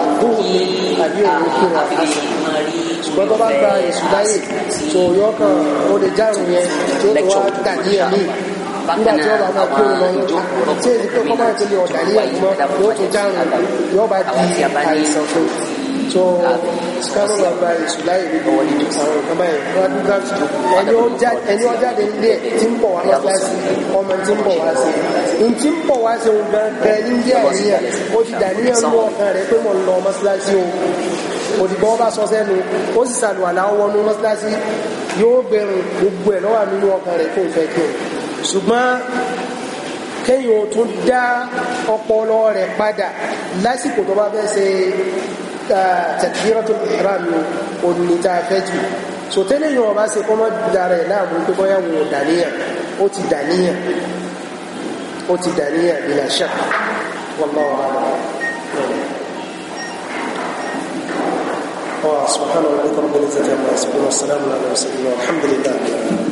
àbúrò mi àbí òun kí wọn àṣà ṣùgbọ́n tó bá gba èṣù láyè tó yọ kan ó lè járun yẹn tí ó lè wá dàdí ẹ̀mí nígbà tí ọba máa kí òun skámọ́ bàbá èṣù láì rí àwọn nǹkan báyìí radiograft ẹni ọjáde ilé ẹ̀ tí ń bọ̀ wá mọ́síláṣí ọmọ tí ń bọ̀ wá sí n tí ń bọ̀ o sí ohun gan gan ní jẹ́ àníyàn ó ti dàníyàn lú ọkàn rẹ̀ pé mo lọ mọ́síláṣí o òdìgbọ́ ọba sọ sẹ́nu ó sì sàlùwàlà wọnú mọ́síláṣí yóò gbẹrun gbogbo ẹ̀ lọ́wọ́ nínú ọkàn rẹ̀ kó fẹ́ kí o ṣùgbọ́n kéèyàn tún dá ọpọlọ rẹ̀ padà lásìkò tó bá fẹ́ ṣe takbiratul ihram òní tá a fẹ́ jù so tẹ́lẹ̀ yìí wọ́n bá ṣe kọ́mọ́ dára ẹ̀ láàmú pé bọ́yá wò ó dàníyàn ó ti dàníyàn ó ti dàníyàn bila shak wallahu a'lam. سبحان ربك رب العزة عما والسلام على المرسلين والحمد لله